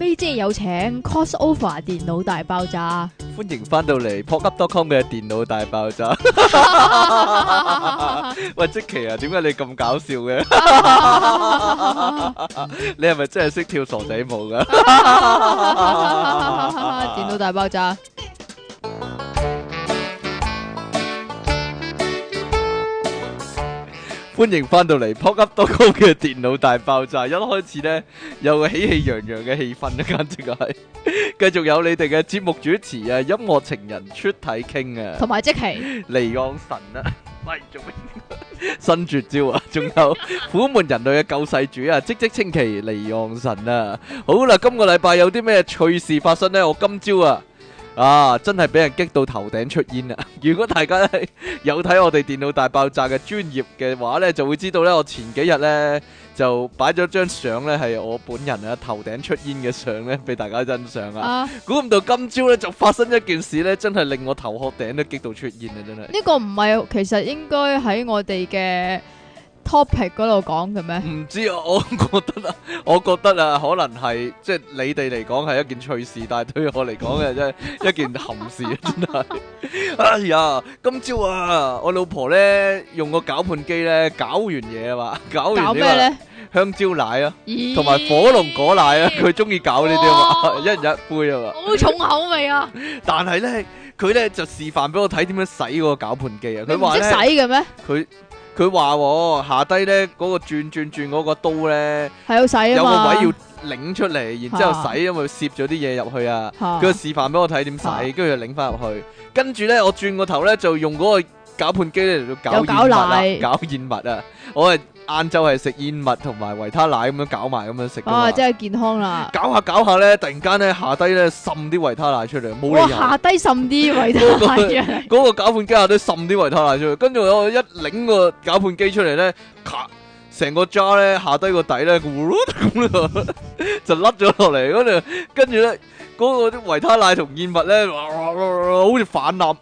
咪姐有請 cosover 電腦大爆炸，歡迎翻到嚟 pocket.com 嘅電腦大爆炸。喂、 哎，積淇啊，點解你咁搞笑嘅？你係咪真係識跳傻仔舞㗎？電腦大爆炸。歡迎翻到嚟《撲街 多高嘅電腦大爆炸》。一開始咧，有個喜氣洋洋嘅氣氛啊，簡直係。繼續有你哋嘅節目主持啊，音樂情人出體 king 啊，同埋積淇離岸神啊，新絕招啊，仲有虎 門人類嘅救世主啊，即即稱奇離岸神啊。好啦，今個禮拜有啲咩趣事發生呢？我今朝啊。啊！真係俾人激到頭頂出煙啦！如果大家咧有睇我哋電腦大爆炸嘅專業嘅話呢，就會知道呢。我前幾日呢，就擺咗張相呢，係我本人啊，頭頂出煙嘅相呢，俾大家欣賞啊！估唔到今朝呢，就發生一件事呢，真係令我頭殼頂都激到出煙啊！真係呢個唔係，其實應該喺我哋嘅。topic 嗰度講嘅咩？唔知啊，我覺得啊，我覺得啊，可能係即係你哋嚟講係一件趣事，但係對我嚟講嘅真係一件憾事，真係。哎呀，今朝啊，我老婆咧用個攪拌機咧攪完嘢啊嘛，攪完啲咩咧？香蕉奶啊，同埋火龍果奶啊，佢中意攪呢啲啊嘛，一人一杯啊嘛。好重口味啊！但係咧，佢咧就示範俾我睇點樣洗嗰個攪拌機啊，佢話咧。唔識洗嘅咩？佢。佢話、哦、下低咧嗰個轉轉轉嗰個刀咧，係要洗啊嘛，有個位要擰出嚟，然之後洗，啊、因為攝咗啲嘢入去啊。佢示範俾我睇點洗，跟住又擰翻入去。跟住咧，我轉個頭咧就用嗰個攪拌機咧嚟攪麵粉啦，攪麵粉啊，我。晏晝係食燕麥同埋維他奶，咁樣攪埋咁樣食，哇！真係健康啦。攪下攪下咧，突然間咧下低咧滲啲維他奶出嚟，冇理由。哇！下低滲啲維他奶出嚟！嗰個攪拌機下低滲啲維他奶出嚟，跟住我一擰個攪拌機出嚟咧，咔！成個渣咧下低個底咧，咕嚕咁咧就甩咗落嚟嗰度，跟住咧嗰個啲維他奶同燕麥咧，嘩嘩嘩嘩，好似反濫。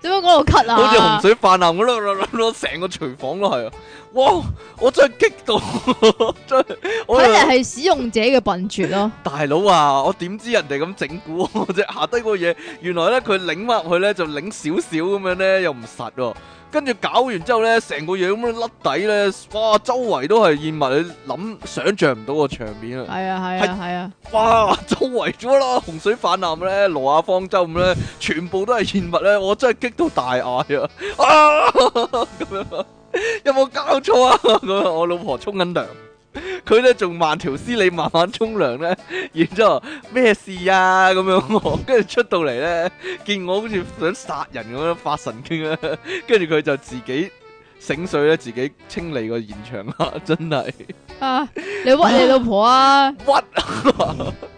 點解嗰度咳啊？好似 洪水泛濫咁咯，諗到成個廚房都係啊！哇，我， 我真係激到，真係睇嚟係使用者嘅笨拙咯，啊。 大佬啊，我點知人哋咁整蠱我啫？下低個嘢，原來咧佢擰落去咧就擰少少咁樣咧，又唔實喎。跟住搞完之後咧，成個嘢咁樣甩底咧，哇！周圍都係現物，你諗想，想像唔到個場面啊！係啊係啊係啊！哇是、啊！周圍咗啦，洪水泛濫咧，挪亞方舟咁咧，全部都係現物咧，我真係激到大嗌啊！咁 樣 有冇搞錯啊？我 我老婆沖緊涼。佢咧仲慢條斯理慢慢沖涼咧，然之後咩事啊咁樣喎，跟住出到嚟咧，見我好似想殺人咁樣發神經啊，跟住佢就自己醒水咧，自己清理個現場啦，真係啊，你屈你老婆啊屈！What?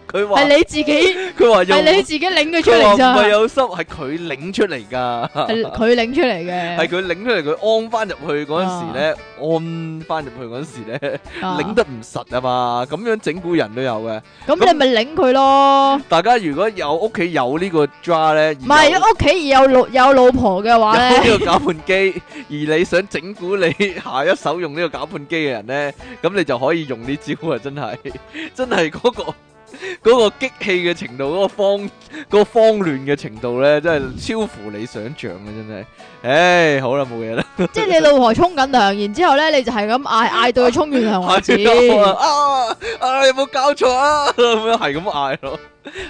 佢話係你自己，佢話又係你自己擰佢出嚟就係。佢話唔係有心，係佢擰出嚟噶，係佢擰出嚟嘅。係佢擰出嚟，佢安翻入去嗰陣時咧，安翻入去嗰陣時咧，擰得唔實啊嘛，咁樣整蠱人都有嘅。咁你咪擰佢咯。大家如果有屋企有呢個抓咧，唔係，如果屋企有老有老婆嘅話咧，有呢個攪拌機，而你想整蠱你下一手用呢個攪拌機嘅人咧，咁你就可以用呢招啊！真係，真係嗰個。嗰個激氣嘅程度，嗰、嗰個慌，嗰、嗰個慌亂嘅程度咧，真係超乎你想象嘅，真係。唉、hey，好啦，冇嘢啦。即係你老婆沖緊涼，然之後咧，你就係咁嗌嗌到佢沖完涼為止。啊啊，啊，有冇搞錯啊？咁樣係咁嗌咯，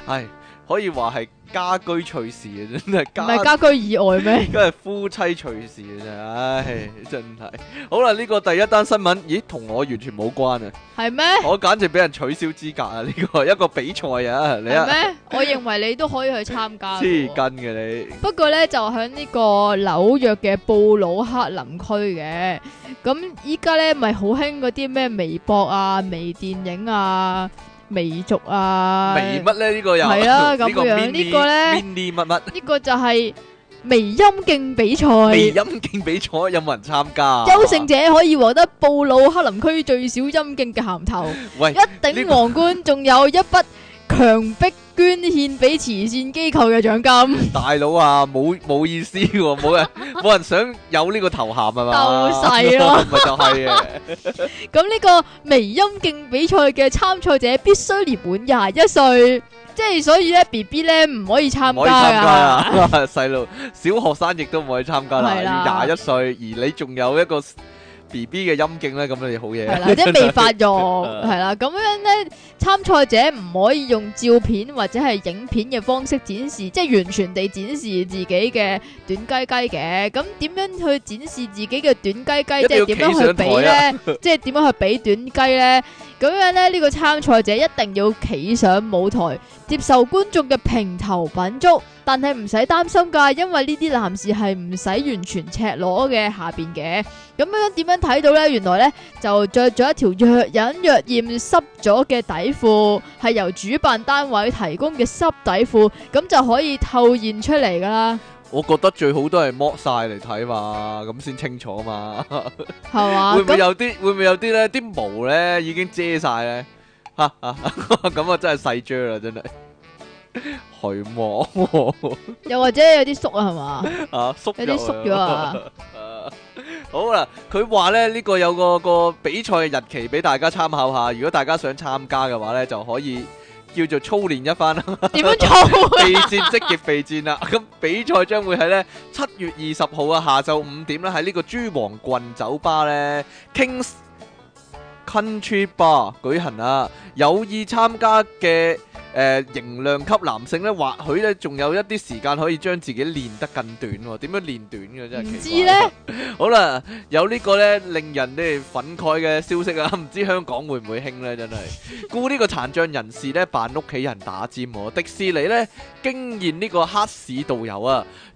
係、哎。可以話係家居趣事嘅啫，唔係家居意外咩？都係 夫妻趣事嘅啫，唉，真係。好啦，呢個第一單新聞，咦，同我完全冇關啊？係咩？我簡直俾人取消資格啊！呢個一個比賽啊，你啊？咩？ 我認為你都可以去參加。黐筋嘅你。不過咧，就喺呢個紐約嘅布魯克林區嘅，咁依家咧咪好興嗰啲咩微博啊、微電影啊。微族啊！微乜咧？呢個又係啊，咁樣呢個咧，綿綿密密，呢個就係微陰莖比賽。微陰莖比賽有冇人參加？優勝者可以獲得布魯克林區最少陰莖嘅銜頭。喂，一頂皇冠，仲有一筆。強逼捐獻俾慈善機構嘅獎金，大佬啊，冇冇意思嘅，冇人冇人想有呢個頭銜係嘛，夠細咯，咪就係啊，咁呢個微音競比賽嘅參賽者必須年滿廿一歲，即係所以咧，B B 咧唔可以參加啊，細 路 小學生亦都唔可以參加啦，係啦，要廿一歲，而你仲有一個。B B 嘅陰莖咧，咁啊好嘢。係啦，即係未發用，係 啦。咁樣咧，參賽者唔可以用照片或者係影片嘅方式展示，即係完全地展示自己嘅短雞雞嘅。咁點樣去展示自己嘅短雞雞？定即係點樣去比咧？上啊、 即係點樣去比短雞咧？咁樣呢，呢個參賽者一定要企上舞台，接受觀眾嘅評頭品足。但係唔使擔心噶，因為呢啲男士係唔使完全赤裸嘅下邊嘅。咁樣點樣睇到呢？原來呢就着咗一條若隱若現濕咗嘅底褲，係由主辦單位提供嘅濕底褲，咁就可以透現出嚟噶啦。我覺得最好都係剝晒嚟睇嘛，咁先清楚嘛，係 嘛？會唔會有啲會唔會有啲咧？啲毛咧已經遮晒咧，咁 啊 真係細張啦，真係 是吧，去摸，又或者有啲縮啊，係嘛？啊，縮有啲縮咗啊！好啦，佢話咧呢、這個有個個比賽嘅日期俾大家參考下，如果大家想參加嘅話咧就可以。叫做操練一番練，啦，點樣操？備戰 積極備戰啦，咁比賽將會喺咧七月二十號啊，下晝五點咧喺呢個珠皇郡酒吧咧 King Country Bar 舉行啊！有意參加嘅。誒營量級男性咧，或許咧仲有一啲時間可以將自己練得更短喎。點樣練短嘅真係唔知咧。好啦，有呢個咧令人咧憤慨嘅消息啊！唔知香港會唔會興咧？真係，估呢個殘障人士咧扮屋企人打尖喎。迪士尼咧驚現呢個黑市導遊啊！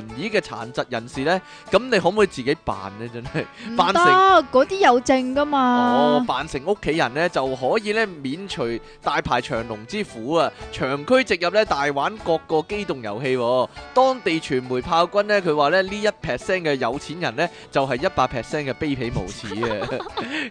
輪椅嘅殘疾人士呢，咁你可唔可以自己辦咧？真 係辦成嗰啲有證㗎嘛？哦，辦成屋企人呢，就可以咧免除大排長龍之苦啊！長驅直入咧，大玩各個機動遊戲。當地傳媒炮轟呢，佢話咧呢一 percent 嘅有錢人呢，就係一百 percent 嘅卑鄙無恥啊！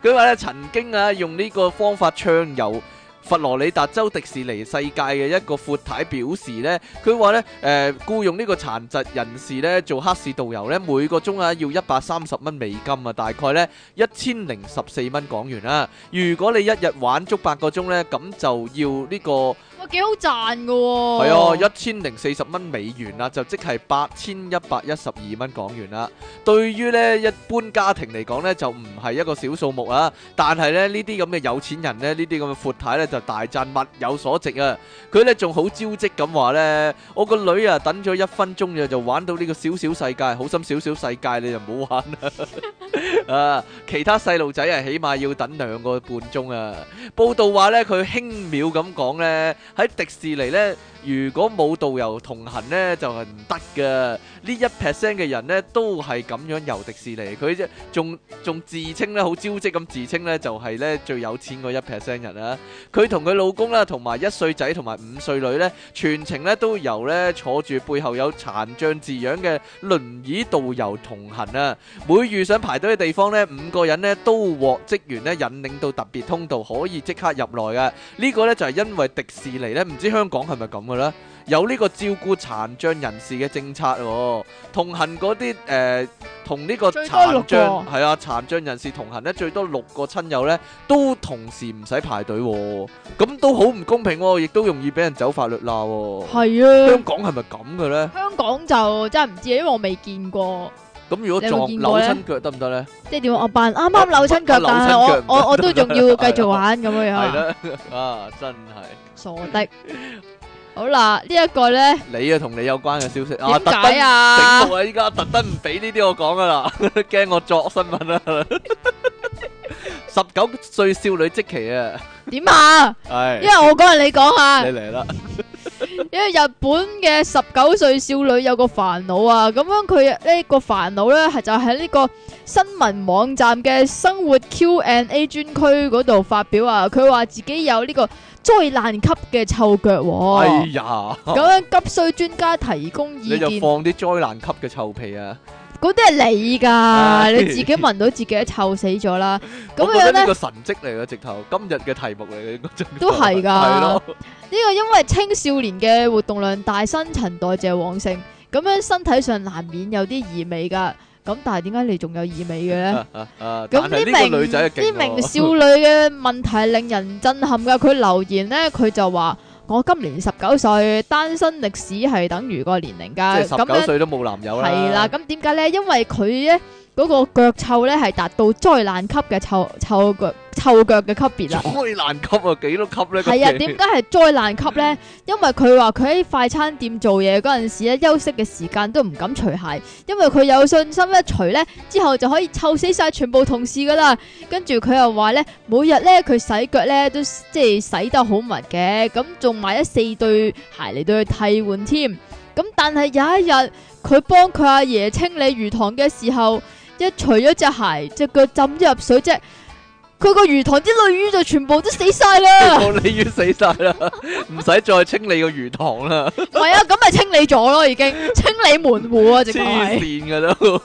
佢話咧曾經啊，用呢個方法暢遊。佛羅里達州迪士尼世界嘅一個闊太表示呢，佢話呢，誒，僱、呃、用呢個殘疾人士呢做黑市導遊呢，每個鐘啊要一百三十蚊美金啊，大概呢一千零十四蚊港元啦。如果你一日玩足八個鐘呢，咁就要呢、呢個。幾好賺噶喎！係 啊樂，一千零四十蚊美元啦，就即係八千一百一十二蚊港元啦。對於呢一般家庭嚟講呢，就唔係一個小數目啊。但係呢呢啲咁嘅有錢人呢，呢啲咁嘅闊太呢，就大讚物有所值啊！佢呢仲好招積咁話呢：呢「我個女啊等咗一分鐘咋就玩到呢個小小世界，好心小小世界你就唔好玩啦啊！其他細路仔啊，起碼要等兩個半鐘啊！報道話呢，佢輕描咁講呢。喺迪士尼咧。Hi, 如果冇導遊同行咧，就係唔得嘅。呢一 percent 嘅人咧，都係咁樣遊迪士尼。佢啫，仲仲自稱咧，好招積咁自稱咧，就係咧最有錢一 percent 人啊，佢同佢老公啦，同埋一歲仔同埋五歲女咧，全程咧都由咧坐住背後有殘障字樣嘅輪椅導遊同行啊。每遇上排隊嘅地方咧，五個人咧都獲職員咧引領到特別通道，可以即刻入來，嘅。呢個咧就係因為迪士尼咧，唔知香港係咪咁啊。咧有呢個照顧殘障人士嘅政策，同行嗰啲誒，同呢個殘障係啊殘障人士同行咧，最多六個親友咧，都同時唔使排隊，咁都好唔公平，亦都容易俾人走法律罅。係啊，香港係咪咁嘅咧？香港就真係唔知，因為我未見過。咁如果撞扭親腳得唔得咧？即係點啊？我扮啱啱扭親腳，但係我我我都仲要繼續玩咁樣樣啊！啊，真係傻的。好啦，呢一個咧，你啊同你有關嘅消息啊，點解啊？點啊？依家特登唔俾呢啲我講噶啦，驚我作新聞啦。十九歲少女即期啊？點啊？係，因為我講下你講下。你嚟啦！因為日本嘅十九歲少女有個煩惱啊，咁樣佢呢個煩惱咧，係就喺呢個新聞網站嘅生活 Q&A 專區嗰度發表啊，佢話自己有呢個。災難級嘅臭腳喎、喔！哎呀，咁樣急需專家提供意見，你就放啲災難級嘅臭屁啊！嗰啲係你噶， 你自己聞到自己都臭死咗啦！咁 樣呢個神蹟嚟嘅直頭，今日嘅題目嚟嘅都係噶，呢個因為青少年嘅活動量大，新陳代謝旺盛，咁樣身體上難免有啲異味噶。咁但係點解你仲有異味嘅咧？咁呢、啊啊啊、名呢名少女嘅問題令人震撼嘅。佢留言呢，佢就話我今年十九歲，單身歷史係等於個年齡噶，咁樣，十九歲都冇男友係啦，咁點解呢？因為佢咧。嗰個腳臭咧係達到災難級嘅臭臭腳臭腳嘅級別啦！災難級啊，幾多級咧？係啊，點解係災難級咧？ 因為佢話佢喺快餐店做嘢嗰陣時咧，休息嘅時間都唔敢除鞋，因為佢有信心一除咧之後就可以臭死晒全部同事噶啦。跟住佢又話咧，每日咧佢洗腳咧都即係洗得好密嘅，咁仲買咗四對鞋嚟到去替換添。咁但係有一日佢幫佢阿爺清理魚塘嘅時候。一除咗隻鞋，隻腳浸咗入水，即係佢個魚塘啲鯉魚就全部都死晒啦！鯉魚死晒啦，唔使 再清理個魚塘啦。唔 係 啊，咁咪清理咗咯，已經清理門戶啊，直情黐線噶都。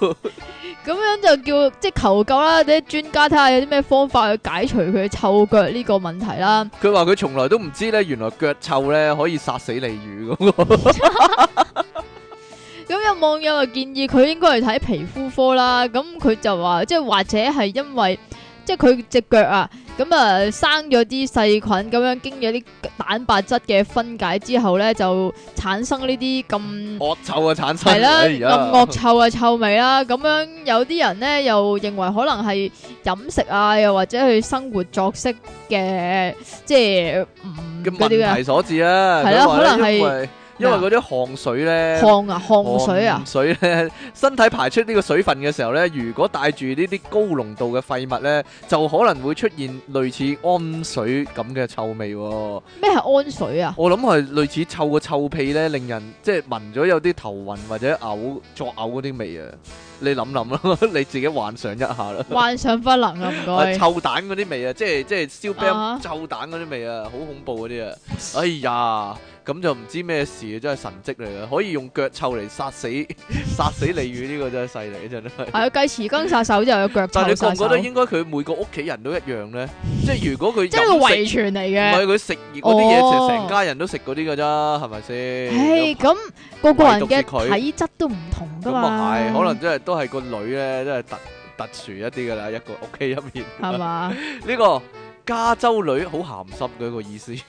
咁 樣就叫即係、就是、求救啦，啲專家睇下有啲咩方法去解除佢嘅臭腳呢個問題啦。佢話佢從來都唔知咧，原來腳臭咧可以殺死鯉魚咁。 有網友就建議佢應該係睇皮膚科啦，咁佢就話即係或者係因為即係佢隻腳啊，咁、嗯、啊生咗啲細菌，咁樣經咗啲蛋白質嘅分解之後咧，就產生呢啲咁惡臭嘅產生。係啦，咁惡臭嘅臭味啦，啊，咁 樣有啲人咧又認為可能係飲食啊，又或者佢生活作息嘅即係唔嘅問題所致啦，啊。係啦，啊，他說 可能係。因為嗰啲汗水呢，汗啊，汗水啊，水呢，身體排出呢個水分嘅時候呢，如果帶住呢啲高濃度嘅廢物呢，就可能會出現類似氨水咁嘅臭味喎。咩係氨水啊？我諗係類似臭個臭屁呢，令人即係聞咗有啲頭暈或者嘔作嘔嗰啲味啊！你諗諗咯， 你自己幻想一下啦。 幻想不能啊，唔該、 啊、臭蛋嗰啲味燒啊，即係即係燒餅臭蛋嗰啲味啊，好恐怖嗰啲啊！哎呀～咁就唔知咩事，真係神蹟嚟嘅，可以用腳臭嚟殺死殺死鯉魚呢，這個真係犀利，真係。係啊，計匙羹殺手之後，用腳臭殺手。但係你覺唔覺得應該佢每個屋企人都一樣咧？ 即係如果佢即係個遺傳嚟嘅。唔係佢食嗰啲嘢，成成，oh. 家人都食嗰啲噶咋，係咪先？係咁， 個個人嘅體質都唔同噶嘛。咁啊係，可能真、就、係、是、都係個女咧，真係特特殊一啲噶啦，一個屋企入面。係嘛？呢個。加州女好鹹濕嘅一個醫師，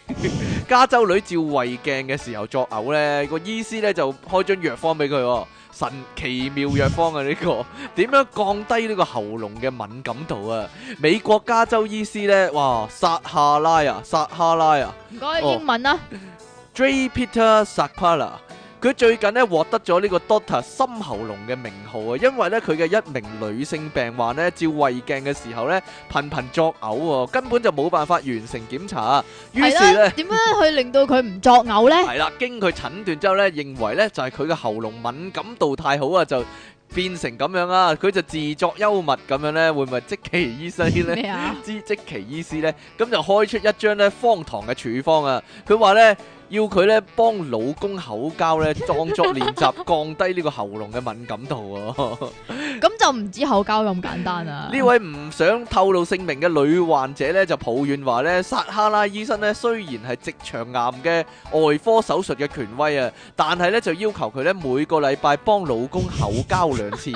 加州女照胃鏡嘅時候作嘔，呢個醫師呢，就開張藥方俾佢，哦，神奇妙藥方啊！呢、呢個點樣降低呢個喉嚨嘅敏感度啊？美國加州醫師呢，哇，撒哈拉啊，撒哈拉啊，唔該英文啊 Dray Peter Sakala。佢最近咧獲得咗呢個 Doctor 深喉嚨嘅名號啊，因為咧佢嘅一名女性病患咧照胃鏡嘅時候咧頻頻作嘔喎，根本就冇辦法完成檢查。於是咧點樣去令到佢唔作嘔咧？係啦，經佢診斷之後咧，認為咧就係佢嘅喉嚨敏感度太好啊，就變成咁樣啦。佢就自作幽默咁樣咧，會唔會即其醫師咧？咩啊？知即其醫師咧，咁就開出一張咧荒唐嘅處方啊！佢話咧。要佢咧幫老公口交咧，裝作練習降低呢個喉嚨嘅敏感度喎。咁就唔止口交咁簡單啊！呢位唔想透露姓名嘅女患者咧就抱怨話咧，薩哈拉醫生咧雖然係直腸癌嘅外科手術嘅權威啊，但係咧就要求佢咧每個禮拜幫老公口交兩次，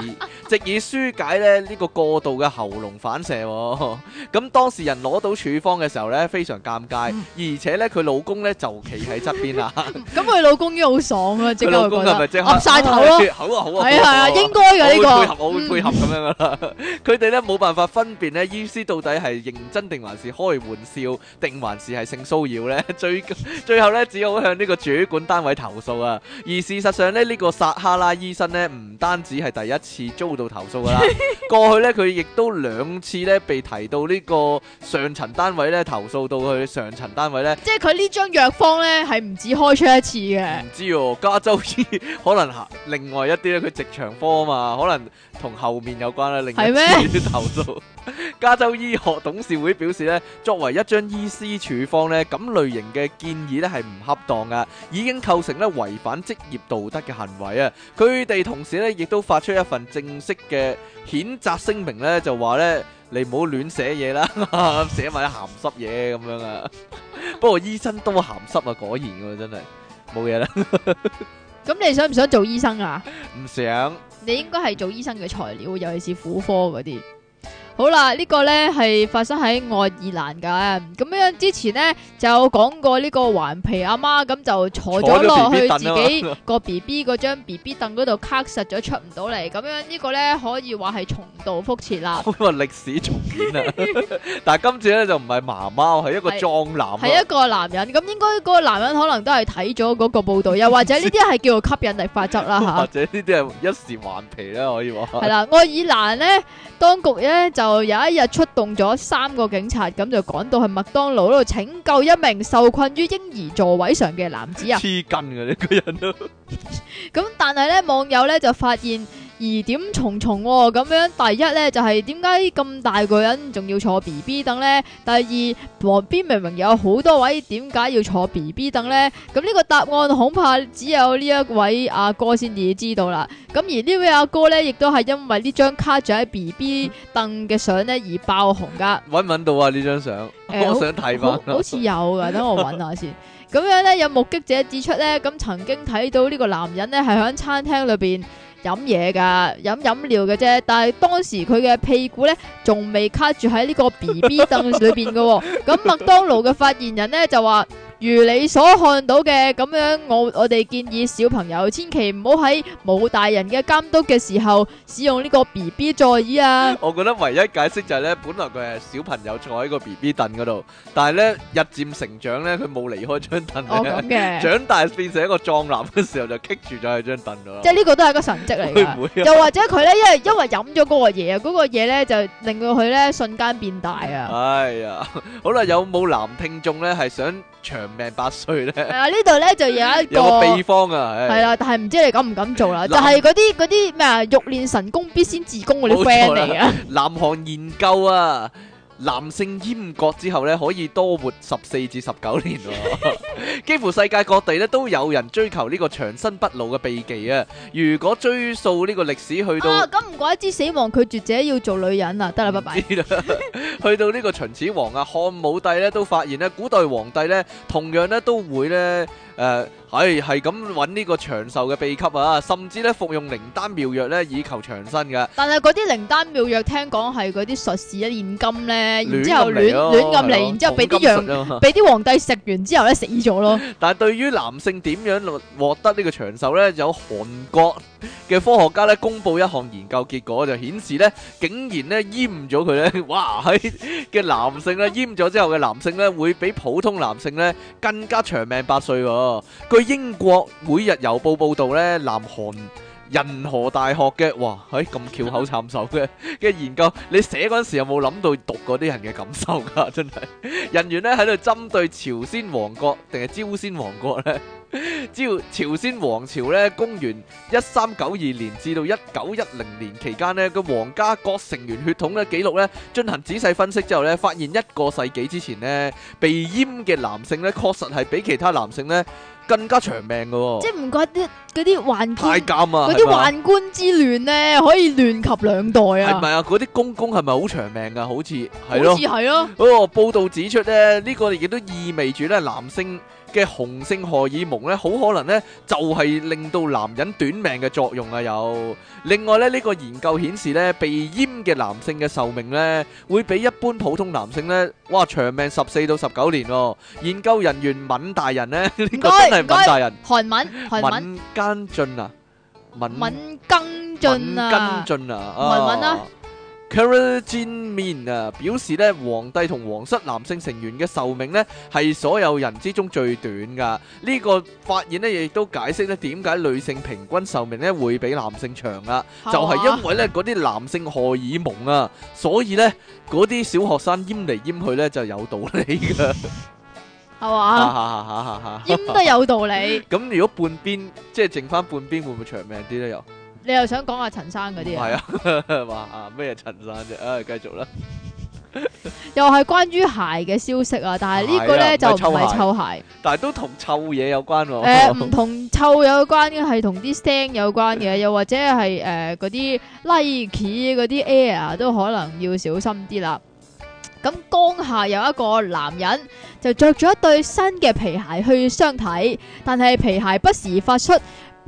直 以舒解咧呢個過度嘅喉嚨反射。咁 當事人攞到處方嘅時候咧，非常尷尬，而且咧佢老公咧就企喺。側邊啊！咁佢老公已經好爽啊！只不過覺得岌曬頭咯，好啊好啊，係啊係啊，應該嘅呢個，會配合我會配合咁樣啦。佢哋咧冇辦法分辨咧，醫師到底係認真定還是開玩笑，定還是係性騷擾咧？最最後咧，只好向呢個主管單位投訴啊！而事實上咧，呢個薩哈拉醫生咧，唔單止係第一次遭到投訴㗎啦，過去咧佢亦都兩次咧被提到呢個上層單位咧投訴到去上層單位咧，即係佢呢張藥方咧。係唔止開出一次嘅、哦，唔知加州醫可能、啊、另外一啲咧，佢直腸科啊嘛，可能同後面有關啦，另一次投訴嗎。 加州醫學董事會表示咧，作為一張醫師處方咧，咁類型嘅建議咧係唔恰當㗎，已經構成咧違反職業道德嘅行為啊！佢哋同時咧亦都發出一份正式嘅譴責聲明咧，就話咧。你唔好亂寫嘢啦，寫埋啲鹹濕嘢咁樣啊！ 不過醫生都鹹濕啊，果然噶，真係冇嘢啦 。咁你想唔想做醫生啊？唔想。你應該係做醫生嘅材料，尤其是婦科嗰啲。好啦，這個、呢個咧係發生喺愛爾蘭噶，咁樣之前咧就講過呢個頑皮阿媽，咁就坐咗落去自己個 B B 嗰張 B B 凳嗰度卡實咗，出唔到嚟。咁樣這個呢個咧可以話係重蹈覆轍啦，話歷史重演啊！ 但係今次咧就唔係媽媽，係一個壯男，係一個男人。咁應該嗰個男人可能都係睇咗嗰個報道，又或者呢啲係叫做吸引力法則啦吓。啊、 或者呢啲係一時頑皮啦，可以話。係啦，愛爾蘭咧當局咧就。就有一日出動咗三個警察，咁就趕到去麥當勞度拯救一名受困於嬰兒座位上嘅男子啊！黐筋嘅呢個人都咁 但係咧網友咧就發現。疑點重重喎，哦，咁樣第一呢，就係點解咁大個人仲要坐 B B 凳呢？第二，旁邊明明有好多位，點解要坐 B B 凳呢？咁呢個答案恐怕只有呢一位阿哥先至知道啦。咁而呢位阿哥，哥呢，亦都係因為呢張卡住喺 B B 凳嘅相呢而爆紅噶。揾唔揾到啊？呢張相，我想睇翻。好似有噶，等 我揾下先。咁樣呢，有目擊者指出呢，咁曾經睇到呢個男人呢，係喺餐廳裏邊。飲嘢噶，飲飲料嘅啫，但係當時佢嘅屁股咧仲未卡住喺、哦、 呢個 B B 凳裏邊嘅，咁麥當勞嘅發言人咧就話。如你所看到嘅咁樣，我我哋建議小朋友千祈唔好喺冇大人嘅監督嘅時候使用呢個 BB 座椅啊！我覺得唯一解釋就係咧，本來佢係小朋友坐喺個 BB 凳嗰度，但係咧日漸成長咧，佢冇離開張凳嘅，長大變成一個壯男嘅時候就棘住咗喺張凳度啦。即係呢個都係一個神跡嚟嘅，會唔會？又或者佢咧，因為因為飲咗嗰個嘢啊，嗰個嘢咧就令到佢咧瞬間變大啊！哎呀，好啦，有冇男聽眾咧係想長？命八歲咧， 係啊！呢度咧就有一個有有秘方啊，係、哎、啦、啊，但係唔知你敢唔敢做啦？就係嗰啲啲咩啊，欲練男 神功必先自宮嗰啲 friend 嚟啊！南韓 研究啊！男性閹割之後咧，可以多活十四至十九年喎。 幾乎世界各地咧都有人追求呢個長生不老嘅秘技啊。如果追溯呢個歷史去到，啊，咁唔怪之死亡拒絕者要做女人啊，得啦，拜拜。 去到呢個秦始皇啊、漢武帝呢，都發現咧，古代皇帝呢，同樣咧都會咧。誒係係咁揾呢個長壽嘅秘笈啊，甚至咧服用靈丹妙藥咧以求長生嘅。但係嗰啲靈丹妙藥聽講係嗰啲術士嘅煉金呢，然之後亂、啊、亂咁嚟，的然之後俾啲藥俾啲皇帝食完之後咧死咗咯。 但係對於男性點樣獲得呢個長壽呢？有韓國。嘅科學家咧公佈一項研究結果，就顯示咧，竟然咧閹咗佢咧，哇喺嘅男性咧閹咗之後嘅男性咧會比普通男性咧更加長命百歲。據英國每日郵報報導咧，南韓仁荷大學嘅哇喺咁翹口慘手嘅嘅研究，你寫嗰陣時有冇諗到讀嗰啲人嘅感受㗎？真係人員咧喺度針對朝鮮王國定係朝鮮王國咧？朝朝鮮王朝咧，公元一三九二年至到一九一零年期間咧，呢個皇家各成員血統嘅記錄咧，進行仔細分析之後咧，發現一個世紀之前咧，被閹嘅男性咧，確實係比其他男性咧更加長命㗎。即係唔怪啲嗰啲宦官太監啊，嗰啲宦官之亂咧，可以亂及兩代啊。係咪啊？嗰啲公公係咪好長命噶？好似，好似係咯。哦，報道指出咧，呢個亦都意味住咧男性。嘅雄性荷爾蒙咧，好可能咧就係、是、令到男人短命嘅作用啊！有另外咧，呢、這個研究顯示咧，被閹嘅男性嘅壽命咧，會比一般普通男性咧，哇長命十四到十九年哦！研究人員敏大人咧，呢 個真係敏大人，謝謝韓，韓敏、啊、敏，韓敏，精進啊，敏敏更進啊，韓敏啊。Caroline 面啊，表示咧皇帝同皇室男性成員嘅壽命咧係所有人之中最短噶。呢個發現咧亦都解釋咧點解女性平均壽命咧會比男性長啊，就係因為咧嗰啲男性荷爾蒙啊，所以咧嗰啲小學生閹嚟閹去咧就有道理噶，係嘛？閹都有道理。咁如果半邊即係剩翻半邊會唔會長命啲咧？又？你又想講阿陳生嗰啲啊？係啊，話啊咩陳生啫，啊繼續啦，又係關於鞋嘅消息啊，但係呢個咧就唔係臭鞋，但係都同臭嘢有關喎。誒唔同臭有關嘅係同啲聲有關嘅，又或者係誒嗰啲 Nike 嗰啲 Air 都可能要小心啲啦。咁江夏有一個男人就著咗一對新嘅皮鞋去相睇，但係皮鞋不時發出。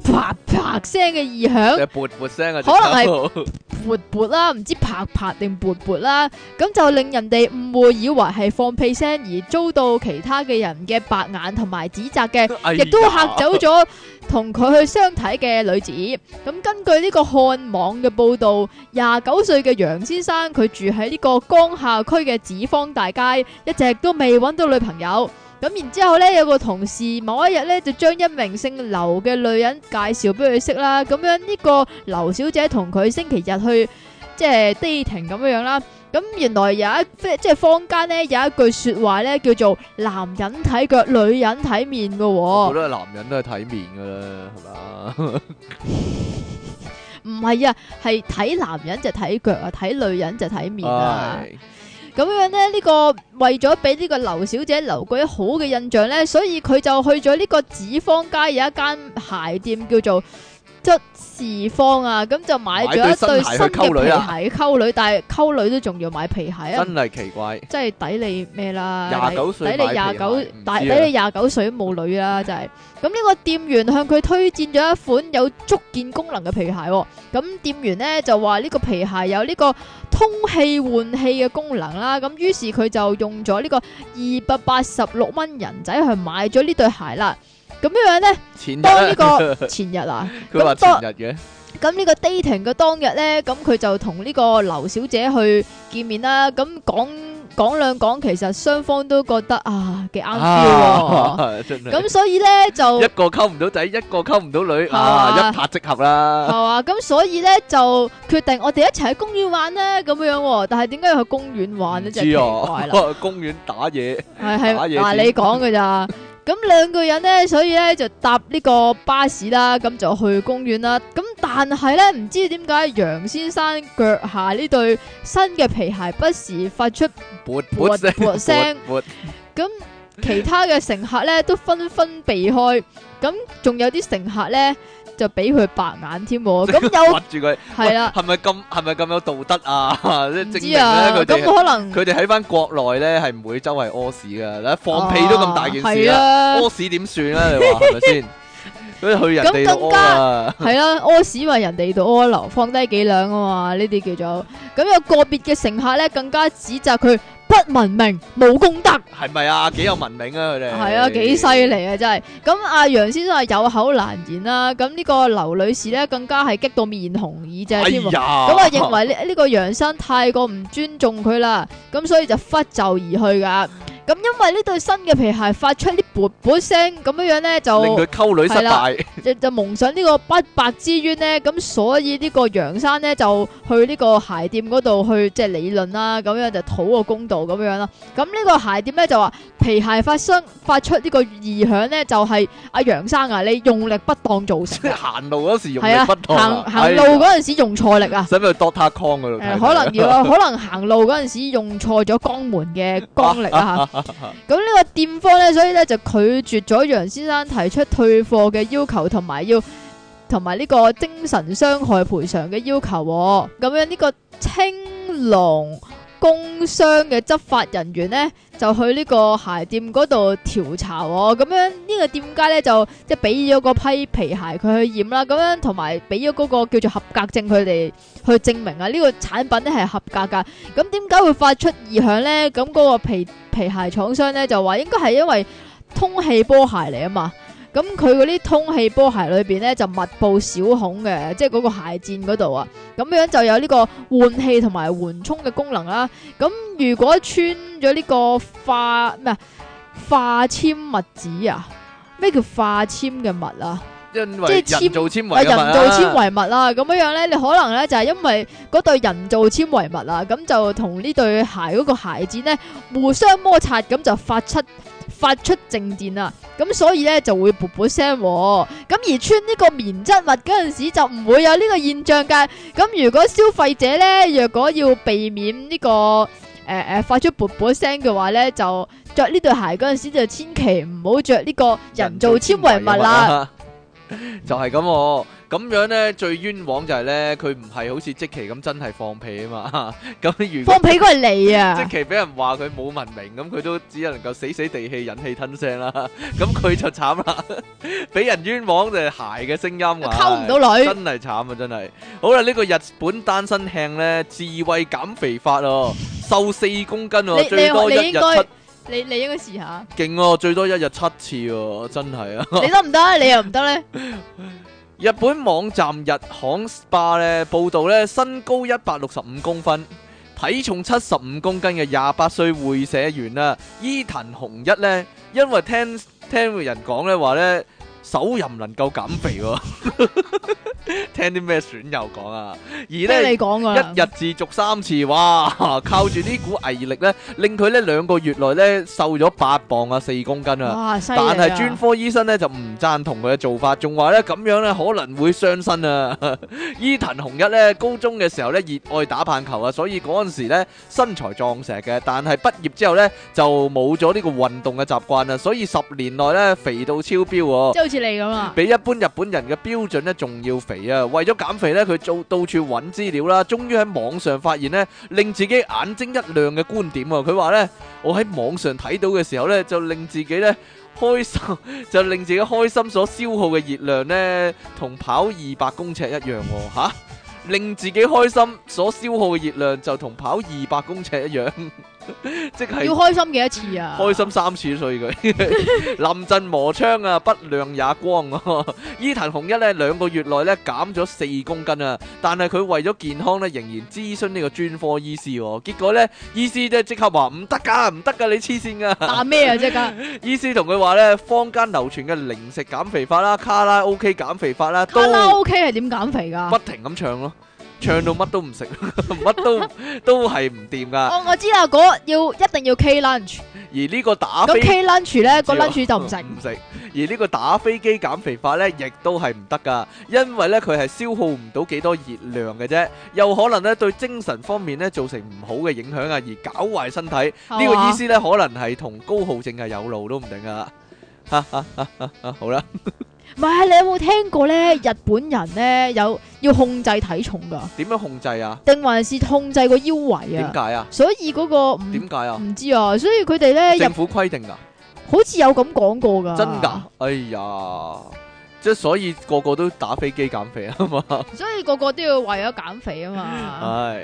啪啪聲嘅異響，啪啪啊、可能係活噗啦，唔知啪啪定噗噗啦，咁就令人哋誤會以為係放屁聲，而遭到其他嘅人嘅白眼同埋指責嘅，亦、哎、呀都吓走咗同佢去相睇嘅女子。咁根據呢個漢網嘅報道，廿九歲嘅楊先生佢住喺呢個江夏區嘅紫芳大街，一直都未揾到女朋友。咁然之後咧，有個同事某一日咧，就將一名姓劉嘅女人介紹俾佢識啦。咁樣呢個劉小姐同佢星期日去即係 dating 咁樣樣啦。咁原來有一即係坊間咧有一句說話咧，叫做男人睇腳，女人睇面嘅。我覺得男人都係睇面噶啦，係嘛？唔係啊，係睇男人就睇腳啊，睇女人就睇面啊。咁樣咧，呢個為咗俾呢個劉小姐留個好嘅印象咧，所以佢就去咗呢個紫芳街有一間鞋店叫做。即時方啊！咁就買咗一對新嘅皮鞋，溝女，但係溝女都仲要買皮鞋，真係奇怪，真係抵你咩啦？廿九歲買皮鞋，抵你廿九，抵你廿九歲都冇女啦！真係。咁呢個店員向佢推薦咗一款有足健功能嘅皮鞋，咁店員呢就話呢個皮鞋有呢個通氣換氣嘅功能啦。咁於是佢就用咗呢個二百八十六蚊人仔去買咗呢對鞋啦。咁樣樣咧，當呢個前日啊，佢話前日嘅，咁呢個 dating 嘅當日咧，咁佢就同呢個劉小姐去見面啦。咁講講兩講，其實雙方都覺得啊幾啱 feel 喎。咁所以咧，就一個溝唔到仔，一個溝唔到女啊，一拍即合啦。係啊，咁所以咧，就決定我哋一齊喺公園玩咧，咁樣樣。但係點解要去公園玩咧？真係奇怪啦。公園打嘢。係係嗱，你講㗎咋？咁兩個人呢，所以呢就搭呢個巴士啦，咁就去公園啦。咁但係呢，唔知點解楊先生腳下呢對新嘅皮鞋不時發出噗噗聲，咁其他嘅乘客呢都紛紛避開，咁仲有啲乘客呢。 就俾佢白眼添，咁又捉住佢，係啦、嗯，係咪咁？係咪咁有道德啊？唔知啊，咁 可能佢哋喺翻國內咧，係唔會周圍屙屎噶，嗱放屁都咁大件事啦，屙屎點算咧？係咪先？咁去人哋屙啊？係啦、啊，屙屎話人哋度屙流，加 啊、放低幾兩啊嘛？呢啲叫做咁有個別嘅乘客咧，更加指責佢。不文明冇公德，係咪啊？幾有文明啊佢哋？係啊，幾犀利啊真係！咁阿楊先生係有口難言啦、啊，咁呢個劉女士咧更加係激到面紅耳赤添，咁我、哎、呀認為呢呢個楊生太過唔尊重佢啦，咁 所以就拂袖而去噶。咁、嗯、因為呢對新嘅皮鞋發出啲噗噗聲咁樣樣咧，就令佢溝女失敗、啊 就，就就蒙上呢個不白，白之冤咧。咁、嗯、所以個楊呢個楊生咧就去呢個鞋店嗰度去即係理論啦、啊，咁樣就討個公道咁樣啦。咁呢、嗯這個鞋店咧就話皮鞋發生發出個呢個異響咧，就係阿楊生啊，你用力不當做成，成、 啊啊。行路嗰時用力不當行行路嗰陣時用錯力啊！使咪 doctor con 嗰可能， 可，能可能行路嗰陣時用錯咗光門嘅光力啊吓。 咁呢 個店方呢，所以呢就拒絕咗楊先生提出退貨嘅要求，同埋要同埋呢個精神傷害賠償嘅要求。咁樣呢個青龍。工商嘅執法人員呢，就去呢個鞋店嗰度調查，咁樣呢個店家呢，就即係俾咗嗰批皮鞋佢去驗啦，咁樣同埋俾咗嗰個叫做合格證佢哋去證明啊，呢個產品呢，係合格噶。咁點解會發出異響呢？咁嗰個皮皮鞋廠商呢，就話應該係因為通氣波鞋嚟啊嘛。咁佢嗰啲通氣波鞋裏邊咧就密布小孔嘅，即係嗰個鞋墊嗰度啊，咁樣就有呢個換氣同埋緩衝嘅功能啦。咁如果穿咗呢個化咩化纖物紙啊，咩叫化纖嘅物啊？即係人造纖維啊，人造纖維物啊，咁樣咧你可能咧就係因為嗰對人造纖維物啊，咁就同呢對鞋嗰個鞋墊咧互相摩擦，咁就發出。發出靜電啊，咁所以咧就會噗噗聲，咁而穿呢個棉質襪嗰陣時就唔會有呢個現象嘅。咁如果消費者咧若果要避免呢、這個誒誒、呃、發出噗噗聲嘅話咧，就着呢對鞋嗰陣時就千祈唔好着呢個人造纖維襪啦，物 就係咁哦。咁樣咧，最冤枉就係咧，佢唔係好似積淇咁真係放屁啊嘛！咁 如果放屁，佢係你啊！積淇俾人話佢冇文明，咁佢都只能夠死死地氣忍氣吞聲啦。咁 佢就慘啦，俾 人冤枉就係鞋嘅聲音啊！我溝唔到女，真係慘啊！真係。好啦，呢、這個日本單身慶咧自慰減肥法哦、啊，瘦四公斤哦，最多一日七你你應該試下。勁哦、啊，最多一日七次哦、啊，真係啊， 啊！你得唔得？你又唔得咧？日本網站日刊 SPA 咧報道咧，身高一百六十五公分，體重七十五公斤嘅廿八歲會社員啦，伊藤雄一咧，因為聽聽人講咧話咧。手淫能夠減肥喎，聽啲咩損友講啊？而咧一日自瀆三次，哇！靠住呢股毅力咧，令佢咧兩個月內咧瘦咗八磅啊，四公斤啊。哇！但係專科醫生咧就唔贊同佢嘅做法，仲話咧咁樣咧可能會傷身啊。伊藤雄一咧高中嘅時候咧熱愛打棒球啊，所以嗰陣時咧身材壯碩嘅，但係畢業之後咧就冇咗呢個運動嘅習慣啊，所以十年內咧肥到超標喎。似你咁啊，比一般日本人嘅標準咧，仲要肥啊。為咗減肥咧，佢做到處揾資料啦。終於喺網上發現呢，令自己眼睛一亮嘅觀點啊。佢話呢，我喺網上睇到嘅時候呢，就令自己呢開心，就令自己開心所消耗嘅熱量呢同跑二百公尺一樣吓、啊啊。令自己開心所消耗嘅熱量就同跑二百公尺一樣、啊。 即係是 要開心幾多次啊？開心三次，所以佢臨陣磨槍啊，不亮也光，啊、 伊藤雄一呢兩個月內呢減咗四公斤啊，但係佢為咗健康呢，仍然諮詢呢個專科醫師，啊，結果呢，醫師即即刻話唔得噶，唔得噶，你黐線噶！打咩啊？即係噶？醫師同佢話呢，坊間流傳嘅零食減肥法啦，卡拉 OK 減肥法啦，都 卡拉 OK 係點減肥噶？不停咁唱咯。唱到乜都唔食，乜都都係唔掂噶。哦，我知啦，嗰要一定要 K lunch。而呢個打飛，咁 K lunch 咧，個 lunch 就唔食唔食。而呢個打飛機減肥法咧，亦都係唔得噶，因為咧佢係消耗唔到幾多熱量嘅啫，又可能咧對精神方面咧造成唔好嘅影響啊，而搞壞身體。呢個意思咧，可能係同高耗症係有路都唔定噶。啊啊啊啊啊！好啦。唔係、啊、你有冇聽過咧？日本人咧有要控制體重噶，點樣控制啊？定還是控制個腰圍啊？點解啊，啊，啊？所以嗰個點解啊？唔知啊，所以佢哋咧政府規定噶，好似有咁講過噶，真噶？哎呀，即係所以個個都打飛機減肥啊嘛，所以個個都要為咗減肥啊嘛。係 唉，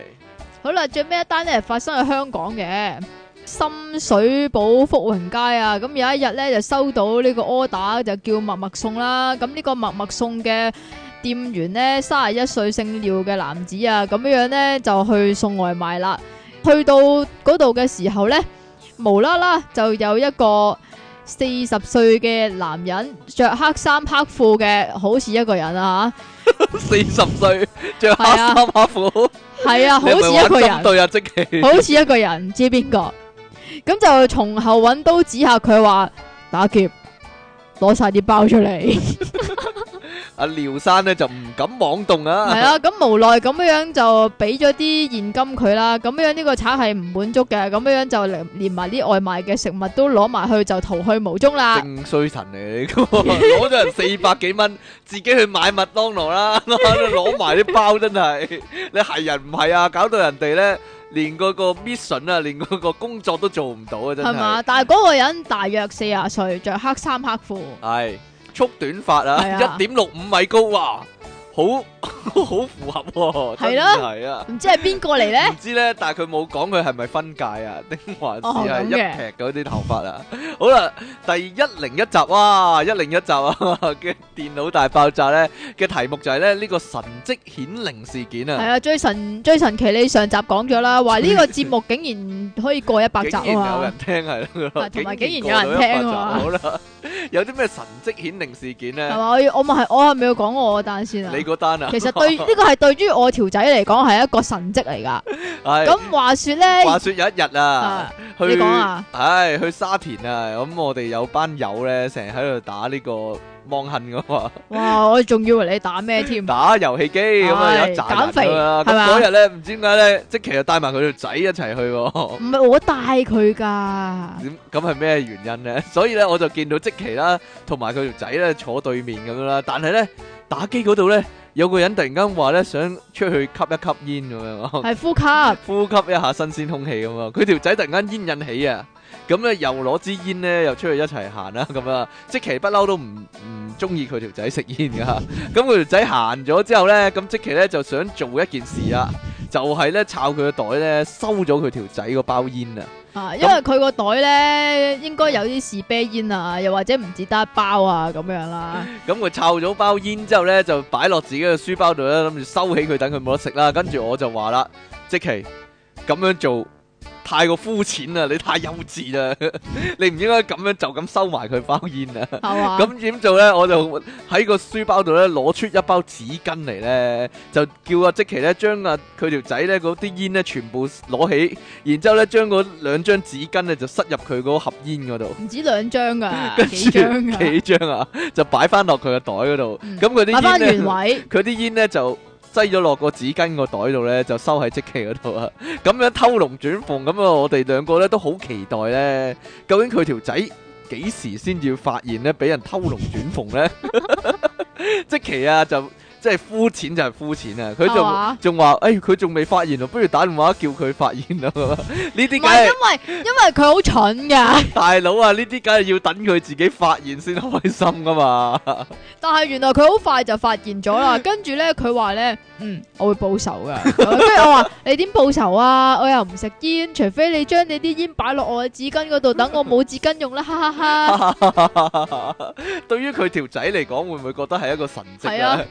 好啦，最尾一單咧發生喺香港嘅。深水埗福榮街啊，咁有一日咧就收到呢個 order 就叫麥麥送啦，咁呢個麥麥送嘅店員咧，三十一歲姓廖嘅男子啊，咁樣樣咧就去送外賣啦。去到嗰度嘅時候咧，無啦啦就有一個四十歲嘅男人着黑衫黑褲嘅，好似一個人啊！四十歲着黑衫黑褲，係啊，好似一個人，好似一個人，唔知邊個。咁就從後揾刀指下佢話打劫，攞晒啲包出嚟。阿廖生咧就唔敢妄動 啊。係啊，咁無奈咁樣樣就俾咗啲現金佢啦。咁樣呢個賊係唔滿足嘅，咁樣樣就連連埋啲外賣嘅食物都攞埋去就逃去無蹤啦。正衰神嚟，攞 咗人四百幾蚊， 自己去買麥當勞啦，攞埋啲包真係，你係人唔係啊？搞到人哋咧。連嗰個 mission 啊，連嗰個工作都做唔到啊！真係，係嘛？但係嗰個人大約四十歲，着黑衫黑褲，係， 束短髮啊，一點六五米高啊！好好符合喎，係咯，係啊，唔知係邊個嚟咧？唔知咧，但係佢冇講佢係咪分界啊？丁華只係一撇嗰啲頭髮啊！好啦，第一零一集哇，一零一集啊嘅電腦大爆炸咧嘅題目就係咧呢個神蹟顯靈事件啊！係啊，最神最神奇，你上集講咗啦，話呢個節目竟然可以過一百集啊嘛，有人聽係咯，同埋竟然有人聽啊嘛，好啦，有啲咩神蹟顯靈事件咧？係嘛，我我咪係我係咪要講我嘅單先啊？嗰單啊，其實對呢 個係對於我條仔嚟講係一個神蹟嚟㗎。咁、 哎、話説咧，話説有一日啊，你講啊，係去，哎、去沙田啊，咁我哋有班友咧，成日喺度打呢、呢個。望恨噶嘛！哇，我仲以為你打咩添？打遊戲機咁啊，減唉肥係嘛？嗰日咧，唔吧知點解咧，積淇就帶埋佢條仔一齊去。唔係我帶佢噶。點？咁係咩原因咧？所以咧，我就見到積淇啦，同埋佢條仔咧坐對面咁啦。但係咧，打機嗰度咧，有個人突然間話咧，想出去吸一吸煙咁樣。係呼吸， 呼吸一下新鮮空氣咁啊！佢條仔突然間煙癮起啊！咁咧又攞支煙咧，又出去一齊行啦。咁啊，積 淇不嬲都唔唔中意佢條仔食煙噶。咁佢條仔行咗之後咧，咁積淇咧就想做一件事啊， 就係咧抄佢個袋咧，收咗佢條仔嗰包煙啊。啊，因為佢個袋咧應該有啲士啤煙啊，又或者唔止得一包啊，咁樣啦。咁佢抄咗包煙之後咧，就擺落自己嘅書包度啦，諗住收起佢，等佢冇得食啦。跟住我就話啦，積淇，咁 樣做。太過膚淺啦，你太幼稚啦，你唔應該咁樣就咁收埋佢包煙啊！咁點、嗯、 做咧？我就喺個書包度咧，攞出一包紙巾嚟咧，就叫阿積淇咧將阿佢條仔咧嗰啲煙咧全部攞起，然之後咧將嗰兩張紙巾咧就塞入佢嗰盒煙嗰度。唔止兩張噶、啊，后幾張、啊？幾張啊？就擺翻落佢個袋嗰度。咁佢啲擺位。佢啲煙咧就。塞咗落個紙巾個袋度呢，就收喺積淇嗰度啊！咁樣偷龍轉鳳咁啊，我哋兩個呢都好期待呢，究竟佢條仔幾時先至發現呢？俾人偷龍轉鳳呢？積淇啊，就～即係膚淺就係膚淺啊！佢仲仲話，誒佢仲未發現啊，不如打電話叫佢發現啦。呢啲唔係因為因為佢好蠢噶。 大佬啊，呢啲梗係要等佢自己發現先開心噶嘛。 但係原來佢好快就發現咗啦。嗯、跟住咧，佢話咧，嗯，我會報仇噶。即係 我話 你點報仇啊？我又唔食煙，除非你將你啲煙擺落我嘅紙巾嗰度，等 我冇紙巾用啦。哈哈哈。 對於佢條仔嚟講，會唔會覺得係一個神跡咧？.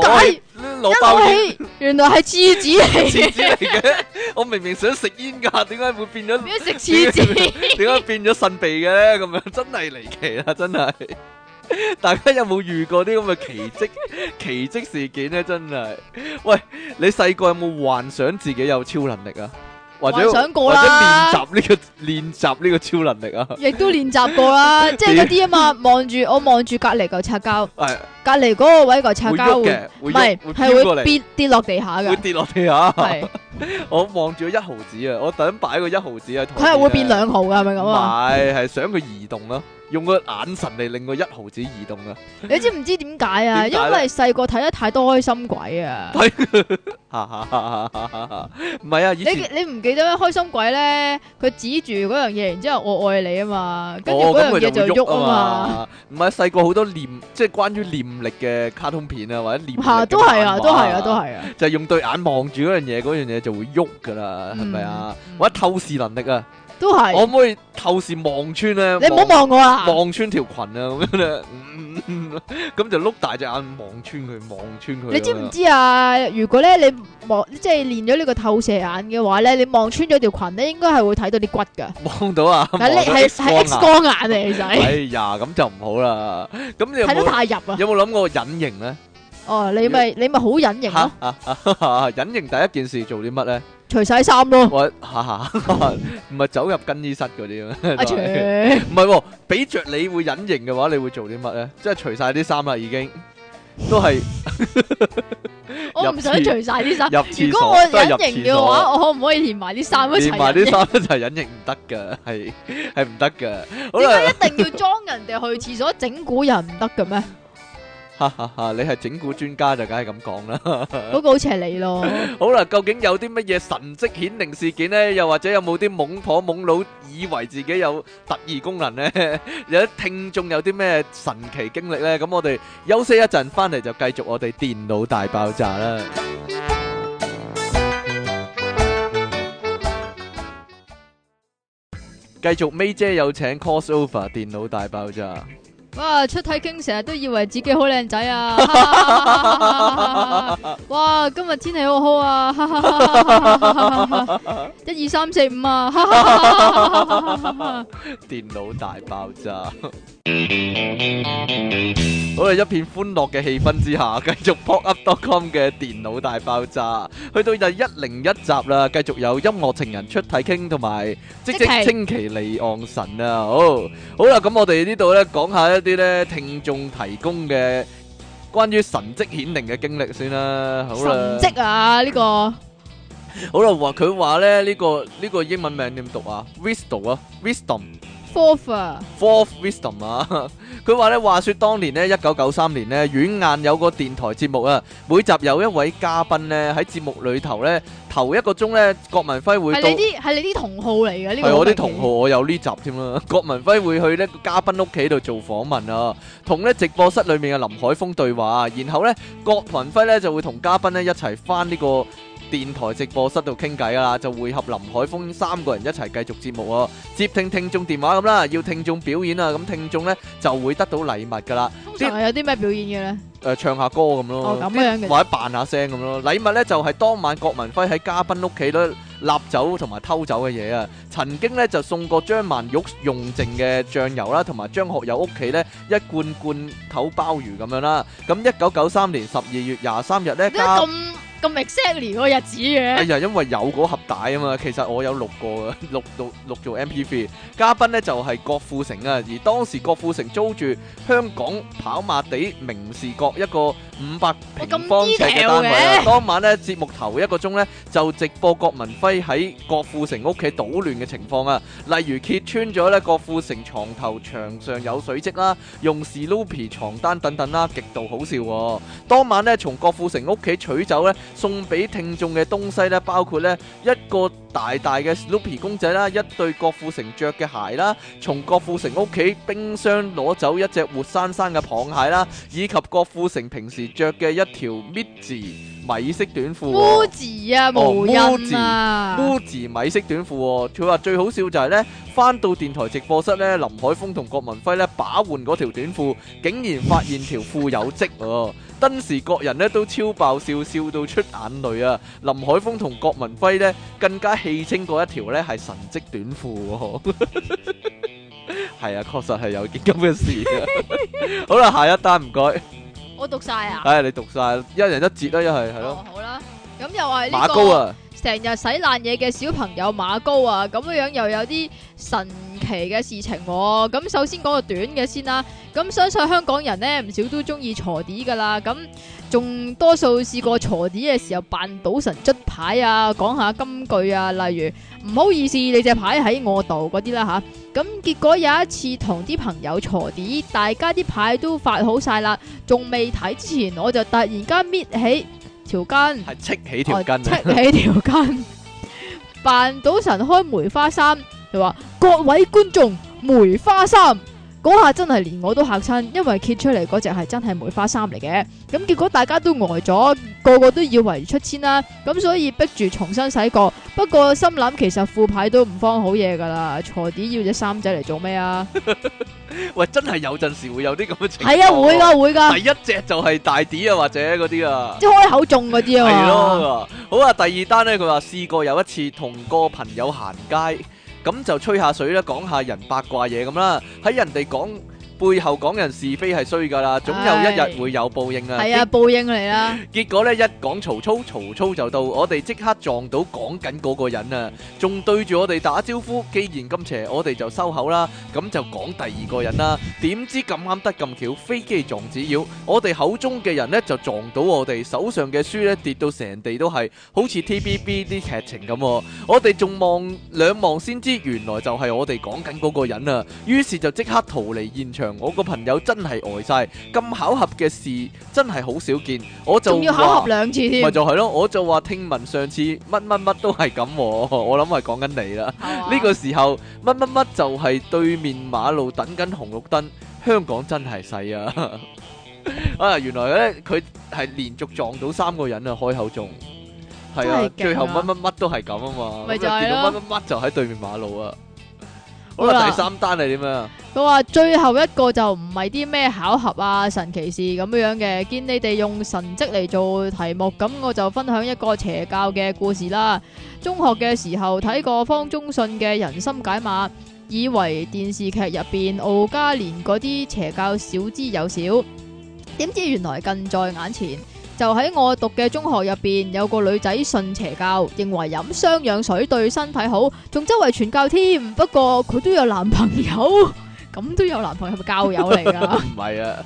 係，老豆原來係，原來係刺子嚟，嘅。我明明想食煙噶，點解會變咗食刺子？點解變咗腎鼻嘅咧？咁樣真係離奇啦，真係。 大家有冇遇過啲咁嘅奇蹟？ 奇蹟事件咧，真係。喂，你細個有冇幻想自己有超能力啊？幻想過啦，練、呢個，練習呢個練習呢個超能力啊，亦都練習過啦， 即係嗰啲啊嘛，望住 我望住隔離個擦膠，隔離嗰個位個擦膠會唔係係會跌是跌落地下嘅，會跌落地下。係。 我望住一毫子啊！我特登擺個一毫子啊，佢係會變兩毫噶，係咪咁啊？唔係、嗯，係想佢移動咯，用個眼神嚟令個一毫子移動啊！你知唔知點解啊？因為細個睇得太多開心鬼啊！哈唔係啊，你你唔記得咩？開心鬼咧，佢指住嗰樣嘢，然之後我愛你啊嘛，跟住嗰樣嘢就喐啊嘛！唔係細個好多念，即係關於念力嘅卡通片啊，或者念力。吓，都係啊，都係啊，都係啊！啊就係用對眼望住嗰樣嘢，嗰樣嘢就。會喐噶啦，係咪啊？吧或者透視能力啊，都係是 我可唔可以透視望穿咧。你唔好望我啦，望穿條裙啊咁、 嗯嗯嗯嗯嗯、樣咧。咁就碌大隻眼望穿佢，望穿佢。你知唔知啊？如果咧你望，即係練咗呢個透射眼嘅話咧，你望穿咗條裙咧，應該係會睇到啲骨噶。望到啊，係係 X 光眼嚟，仔。 哎呀，咁就唔好啦。咁你睇得太入啊？有冇諗過隱形咧？哦，你咪你咪好隱形咯！隱形第一件事做啲乜咧？除晒衫咯，唔係走入更衣室嗰啲咁樣？唔係，俾着你會隱形嘅話，你會做啲乜咧？即係除晒啲衫啦，已經都係。我唔想除晒啲衫，如果我隱形嘅話，我可唔可以連埋啲衫一齊？連埋啲衫一齊隱形唔得噶，係係唔得噶。點解一定要裝人哋去廁所整蠱人唔得嘅咩？哈哈哈！你係整蠱專家就梗係咁講啦。嗰個好似係你咯。好啦，究竟有啲乜嘢神蹟顯靈事件呢？又或者有冇啲懵婆懵佬以為自己有特異功能呢？有啲聽眾有啲咩神奇經歷呢？咁我哋休息一陣，翻嚟就繼續我哋電腦大爆炸啦。繼續，May 姐有請 Crossover 電腦大爆炸。哇！出體傾，成日都以為自己好靚仔啊！哇！今日天氣好好啊！一二三四五啊！電腦大爆炸！好啦，一片歡樂嘅氣氛之下，繼續 pop up dot com 嘅電腦大爆炸，去到第一零一集啦！繼續有音樂情人出體傾同埋即即積淇離岸神啊！好，好啦，咁我哋呢度咧講下咧。啲咧聽眾提供嘅關於神迹顯靈嘅經歷先啦，好啦。神迹啊呢個， 好啦，話佢話咧呢個呢個英文名點讀啊，wisdom 啊，wisdom。Wisdom, Wisdom Fourth，Fourth Wisdom 啊！佢話咧，話說當年咧，一九九三年咧，軟硬有個電台節目啊，每集有一位嘉賓咧喺節目裏頭咧頭一個鐘咧，郭文輝會係你啲係你啲同號嚟嘅呢個係我啲同號，我有呢集添啦。郭文輝會去咧嘉賓屋企度做訪問啊，同咧直播室裏面嘅林海峰對話，然後咧郭文輝咧就會同嘉賓咧一齊翻呢個。電台直播室度傾偈啦，就會合林海峰，三個人一齊繼續節目哦，接聽聽眾電話咁啦，要聽眾表演啊，咁聽眾呢，就會得到禮物噶啦。通常有啲咩表演嘅呢？呃、唱下歌咁咯，哦、或者扮下聲咁咯。禮物呢，就係當晚郭文輝喺嘉賓屋企咧攞走同埋偷走嘅嘢啊。曾經呢，就送過張曼玉用剩嘅醬油啦，同埋張學友屋企呢，一罐罐頭鮑魚咁樣啦。咁一九九三年十二月廿三日呢。加。咁 e x a c t 個日子嘅，係啊、哎，因為有嗰盒帶啊嘛。其實我有錄過嘅，錄錄錄做 m p v 嘉賓呢就係、是、郭富城啊，而當時郭富城租住香港跑馬地明士閣一個五百平方尺嘅單位啊。當晚呢，節目頭一個鐘呢，就直播郭文輝喺郭富城屋企搗亂嘅情況啊，例如揭穿咗呢，郭富城床頭牆上有水漬啦，用 Snoopy 床單等等啦，極度好笑、哦。當晚呢，從郭富城屋企取走呢，送俾聽眾嘅東西咧，包括咧一個大大嘅 Snoopy 公仔啦，一對郭富城着嘅鞋啦，從郭富城屋企冰箱攞走一隻活生生嘅螃蟹啦，以及郭富城平時着嘅一條 Muji 字米色短褲。啊，冇印啊。哦、Muji 米色短褲，佢話最好笑就係咧，返到電台直播室咧，林海峰同郭文輝咧把玩嗰條短褲，竟然發現條褲有跡哦。 當時各人咧都超爆笑，笑到出眼淚啊！林海峰同郭文輝咧更加戲稱嗰一條咧係神蹟短褲喎，係啊，確實係有件咁嘅事。好啦，下一單唔該，我讀晒啊，哎你讀晒，一人一節啦，一係係咯，好啦，咁又係呢個馬高啊，成日洗爛嘢嘅小朋友馬高啊，咁樣樣又有啲神。奇嘅事情咁、哦、首先講個短嘅先啦。咁相信香港人呢，唔少都中意鋤地噶啦。咁仲多數試過鋤地嘅時候扮賭神出牌啊，講下金句啊，例如唔好意思，你隻牌喺我度嗰啲啦吓。咁、啊、結果有一次同啲朋友鋤地，大家啲牌都發好晒啦，仲未睇之前，我就突然間搣起條筋，係戚起條筋，戚、啊、起條筋， 扮賭神開梅花三。就話，各位觀眾，梅花三。嗰下真係連我都嚇親，因為揭出嚟嗰隻係真係梅花三嚟嘅。咁結果大家都呆咗，個個都以為出千啦。咁所以逼住重新洗過。不過心諗其實副牌都唔方好嘢噶啦，鋤 D 要隻三仔嚟做咩啊？ 喂，真係有陣時會有啲咁嘅情況。係啊，會噶會噶。第一隻就係大 D 啊，或者嗰啲啊，即係開口中嗰啲啊。係咯 ，好啊。第二單呢，佢話試過有一次同一個朋友行街。咁就吹下水啦，講下人八卦嘢咁啦，喺人哋講。背後講人是非係衰噶啦，總有一日會有報應啊！係啊、哎，報應嚟啦！結果呢，一講曹操，曹操就到，我哋即刻撞到講緊嗰個人啊！仲對住我哋打招呼，既然咁邪，我哋就收口啦。咁就講第二個人啦。點知咁啱得咁巧，飛機撞紙鷂。我哋口中嘅人呢，就撞到我哋手上嘅書呢，跌到成地都係，好似 TVB 啲劇情咁。我哋仲望兩望先知，原來就係我哋講緊嗰個人啊！於是就即刻逃離現場。我個朋友真係呆晒，咁巧合嘅事真係好少見。我就仲要巧合兩次先。咪就係咯。我就話聽聞上次乜乜乜都係咁，我諗係講緊你啦。呢、啊、個時候乜乜乜就係對面馬路等緊紅綠燈。香港真係細啊！ 啊，原來呢，佢係連續撞到三個人啊，開口中。係啊，啊，最後乜乜乜都係咁啊嘛，就見到乜乜乜就喺對面馬路啊。嗰個哇第三單係點樣？佢話最後一個就唔係啲咩巧合啊，神奇事咁樣嘅，見你哋用神蹟嚟做題目，咁我就分享一個邪教嘅故事啦。中學嘅時候睇過方中信嘅《人心解碼》，以為電視劇入邊敖家連嗰啲邪教少之又少，點知原來近在眼前。就喺我讀嘅中學入邊，有個女仔信邪教，認為飲雙氧水對身體好，仲周圍傳教添。不過佢都有男朋友，咁都有男朋友係咪教友嚟噶？唔係啊！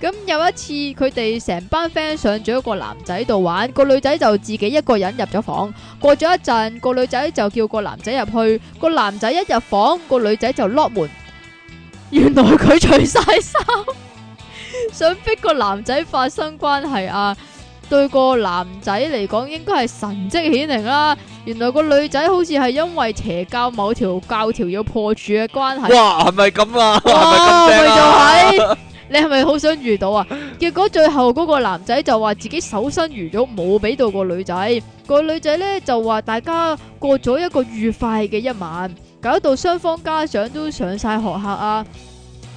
咁有一次，佢哋成班 friend 上咗一個男仔度玩，個女仔就自己一個人入咗房。過咗一陣，個女仔就叫個男仔入去，個男仔一入房，個女仔就 lock 門。原來佢除晒衫。想逼個男仔發生關係啊！對個男仔嚟講應該係神蹟顯靈啦！原來個女仔好似係因為邪教某條教條要破處嘅關係。是是啊、哇，係咪咁啊？哇、係咪咁，咪就係你係咪好想遇到啊？ 結果最後嗰個男仔就話自己守身如玉，冇俾到個女仔。個女仔呢就話大家過咗一個愉快嘅一晚，搞到雙方家長都上晒學校啊！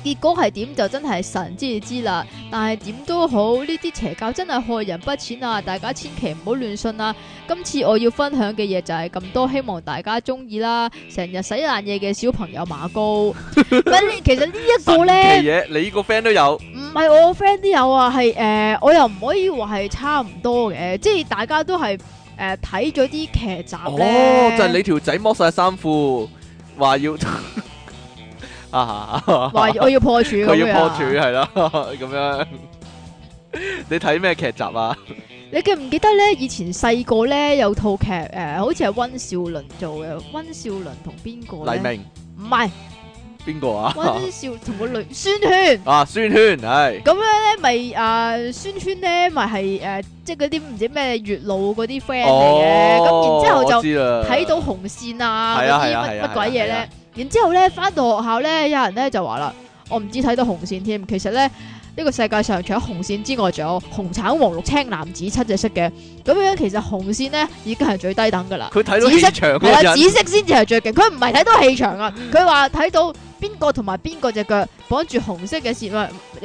結果係點就真係神知而知啦，但係點都好，呢啲邪教真係害人不淺啊！大家千祈唔好亂信啊！今次我要分享嘅嘢就係咁多，希望大家中意啦！成日洗爛嘢嘅小朋友馬高，唔係 其實呢一個呢？嘅嘢你呢個 friend 都有，唔係我個 friend 都有啊，係誒、呃、我又唔可以話係差唔多嘅，即係大家都係誒睇咗啲劇集，哦，就係、是、你條仔剝晒衫褲，話要。 啊！話我要破處咁樣，我要破處係咯咁樣。你睇咩劇集啊？你記唔記得咧？以前細個咧有套劇，誒，好似係溫兆倫做嘅。溫兆倫同邊個？黎明？唔係，邊個啊？温少同個女宣萱啊？宣萱係咁樣咧，咪啊宣萱咧，咪係誒，即係嗰啲唔知咩月老嗰啲 friend 嚟嘅。咁然之後就睇到紅線啊，嗰啲乜鬼嘢咧？然之後咧，翻到學校咧，有人咧就話啦：我唔知睇到紅線添，其實咧呢、呢個世界上除咗紅線之外，仲有紅橙黃綠青藍紫七隻色嘅。咁樣其實紅線咧已經係最低等噶啦。佢睇到氣場係啦，紫色先至係最勁。佢唔係睇到氣場啊，佢話睇到。邊個同埋邊個隻腳綁住紅色嘅線，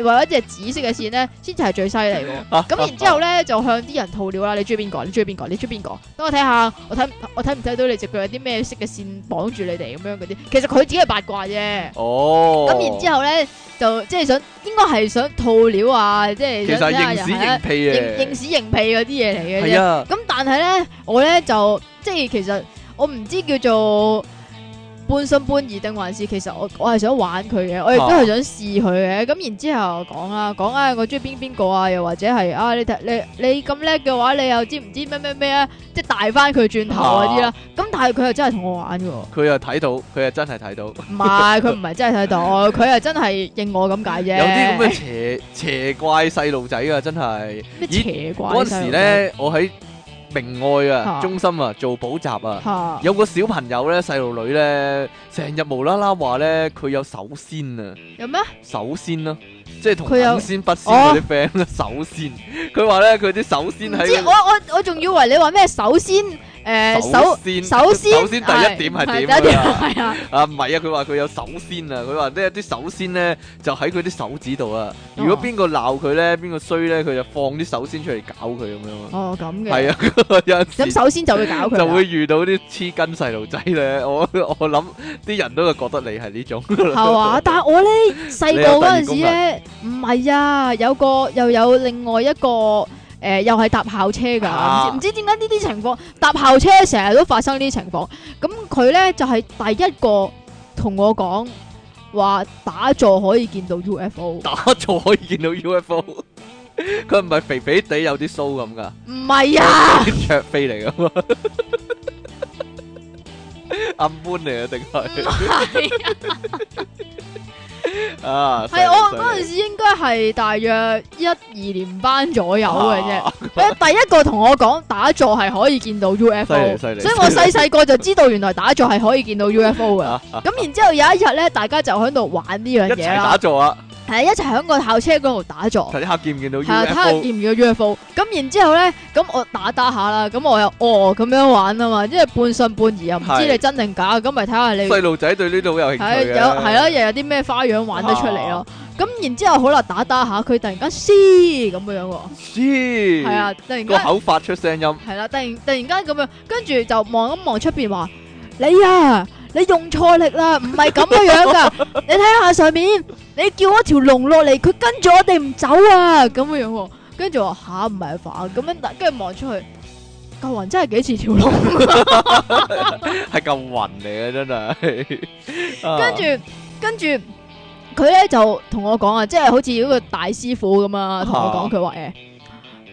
或者隻紫色嘅線咧，先至係最犀利。咁然之後咧，就向啲人套料啦。你中意邊個？你中意邊個？你中意邊個？等我睇下，我睇我睇唔睇到你隻腳有啲咩色嘅線綁住你哋咁樣嗰啲。其實佢自己係八卦啫。哦。咁然之後咧，就即係想，應該係想套料啊，即係。其實認屎認屁啊！認認屎認屁嗰啲嘢嚟嘅啫。咁但係咧，我咧就即係其實我唔知叫做。半信半疑定還是其實我我係想玩佢嘅，我亦都係想試佢嘅。咁、啊、然之後講啊講啊，我中意邊邊個啊，又或者係啊你睇誒你咁叻嘅話，你又知唔知咩咩咩啊？即係大翻佢轉頭嗰啲啦。咁、啊、但係佢又真係同我玩嘅喎。佢又睇到，佢又真係睇到。唔係，佢唔係真係睇到，佢 又真係認我咁解啫。有啲咁嘅邪 邪怪細路仔啊，真係咩邪怪？嗰時咧，我喺。明愛啊，中心啊，做補習啊，啊有個小朋友咧，細路女咧，成日無啦啦話咧，佢有手先啊，有咩手先咯，即係同五仙、八仙嗰啲 friend 咧，手仙，佢話咧佢啲手仙喺，我我我仲以為你話咩手先？誒，首先首先第一點係點啊？第一點，係啊，啊唔係啊，佢話佢有首先啊，佢話呢啲首先咧就喺佢啲手指度啊。如果邊個鬧佢咧，邊個衰咧，佢就放啲首先出嚟搞佢咁樣。哦，咁嘅係啊，咁首先就會搞佢，就會遇到啲黐筋細路仔咧。我我諗啲人都係覺得你係呢種。係啊，但係我咧細個嗰陣時咧唔係啊，有個又有另外一個。誒、呃，又係搭校車噶，唔、啊、知點解呢啲情況，搭校車成日都發生況呢啲情況。咁佢咧就係、是、第一個同我講話打坐可以見到 UFO，打坐可以見到 UFO。 佢唔係肥肥地有啲鬚咁噶？唔係是啊， 桌飛嚟噶嘛？暗搬嚟啊，定係？啊，係是我嗰陣時應該係大約一二年班左右嘅啫。啊、第一個同我講打坐係可以見到 UFO，所以我細細個就知道原來打坐係可以見到 UFO 嘅。咁、啊啊、然之後有一日呢， 大家就喺度玩呢樣嘢啦，打坐啊。係一齊響個校車嗰度打坐，睇下見唔見到 UFO 係啊， 睇下見唔見到 UFO。咁然之後咧，咁我打打下啦，咁我又哦咁樣玩啊嘛，即係半信半疑又唔知你真定假，咁咪睇下你。細路仔對呢度好有興趣係有係咯，又有啲咩、啊、花樣玩得出嚟咯。咁、啊啊、然之後，後好啦，打打下佢突然間嘶咁嘅樣喎，嘶係嘶啊，突然間個口發出聲音，係啦、啊，突然突然間咁樣，跟住就望一望出邊話你啊。」你用錯力啦，唔係咁樣樣噶。 你睇下上面，你叫條龍，我條龍落嚟，佢跟住我哋唔走啊，咁樣、啊、樣。跟住話吓，唔係啊凡，咁樣，跟住望出去，嚿雲真係幾似條龍，係嚿雲嚟嘅真係。 啊、跟住，跟住，佢咧就同我講啊，即係好似一個大師傅咁啊，同我講佢話嘅。